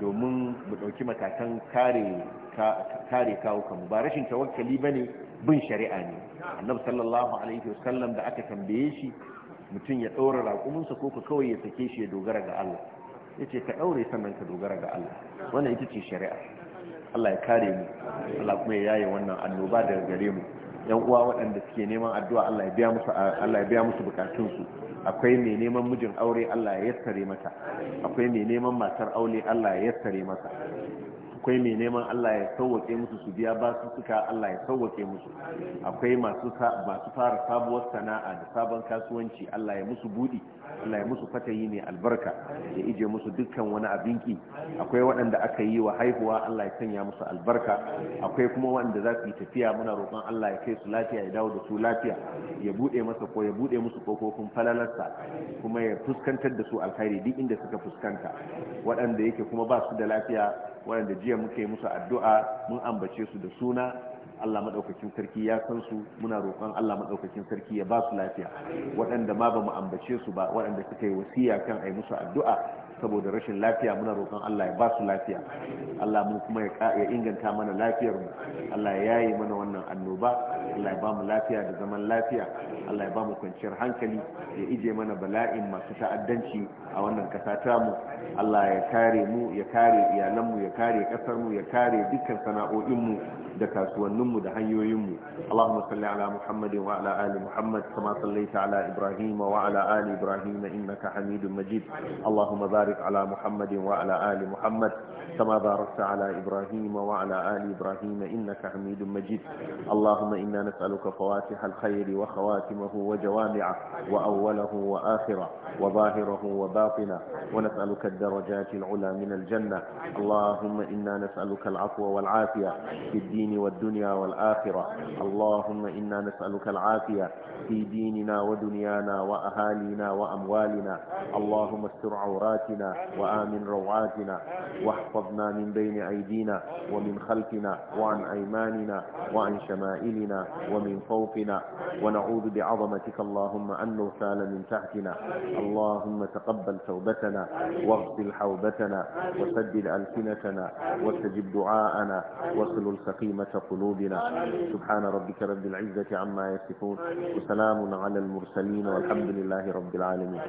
domin mu ɗauki matakan kare kawo kanmu ba rashin tawakkali ba ne bin shari'a ne annabi sallallahu alaihi wasallam da aka tambaye shi mutum ya ɗaura raƙuminsa ko ka kawai ya sake shi ya dogara ga allah ya ce ka ɗaure sannan ka dogara ga allah wannan ita ce shari'a allah ya kare mu allah kuma ya yaye wannan annoba daga gare mu yan uwa waɗanda suke neman addu'a Allah ya biya musu Allah ya biya musu bukatunsu akwai mai neman mijin aure Allah ya yassare mata akwai mai neman matar aure Allah ya yassare mata akwai mai neman Allah ya sauwake musu su biya ba su suka Allah ya sauwake musu akwai masu masu fara sabuwar sana'a da sabon kasuwanci Allah ya musu budi Allah ya musu fatayi ne albarka ya ije musu dukkan wani abinki akwai waɗanda aka yi wa haihuwa Allah ya sanya musu albarka akwai kuma waɗanda za su yi tafiya muna roƙon Allah ya kai su lafiya ya dawo da su lafiya ya bude masa ko ya bude musu kofofin falalarsa kuma ya fuskantar da su alkhairi duk inda suka fuskanta waɗanda yake kuma ba su da lafiya waɗanda jiya tafiya muka yi musu addu'a mun ambace su da suna Allah maɗaukakin sarki ya san su muna roƙon Allah maɗaukakin sarki ya ba su lafiya waɗanda ma ba mu ambace su ba waɗanda suka yi wasiya kan ai musu addu'a saboda rashin lafiya muna roƙon Allah ya ba su lafiya Allah kuma ya inganta mana lafiyar mu Allah ya yaye mana wannan annoba Allah ya ba mu lafiya da zaman lafiya Allah ya ba mu kwanciyar hankali ya ije mana bala'in masu ta'addanci a wannan ƙasa ta mu Allah ya kare mu ya kare iyalan mu ya kare ƙasarmu mu ya kare dukkan sana'o'in mu da kasuwanninmu da hanyoyinmu Allahumma salli ala Muhammadin wa ala ali Muhammad kama sallaita ala Ibrahim wa ala ali Ibrahim innaka Hamidum Majid Allahumma barik ala Muhammadin wa ala ali Muhammad kama barakta ala Ibrahim wa ala ali Ibrahim innaka Hamidum Majid Allahumma inna nas'aluka fawatiha al-khair wa khawatimahu wa jawami'ah wa awwalahu wa akhirah wa zahirahu wa batinah wa nas'aluka ad-darajat al-'ula min al-jannah Allahumma inna nas'aluka al-'afwa wal 'afiyah fi ad-din والدنيا والآخرة اللهم إنا نسألك العافية في ديننا ودنيانا وأهالينا وأموالنا اللهم استر عوراتنا وآمن روعاتنا واحفظنا من بين أيدينا ومن خلفنا وعن أيماننا وعن شمائلنا ومن فوقنا ونعوذ بعظمتك اللهم أن نغتال من تحتنا اللهم تقبل توبتنا واغسل حوبتنا وسدد ألسنتنا واستجب دعاءنا وصل السقيم سليمة قلوبنا سبحان ربك رب العزة عما يصفون وسلام على المرسلين والحمد لله رب العالمين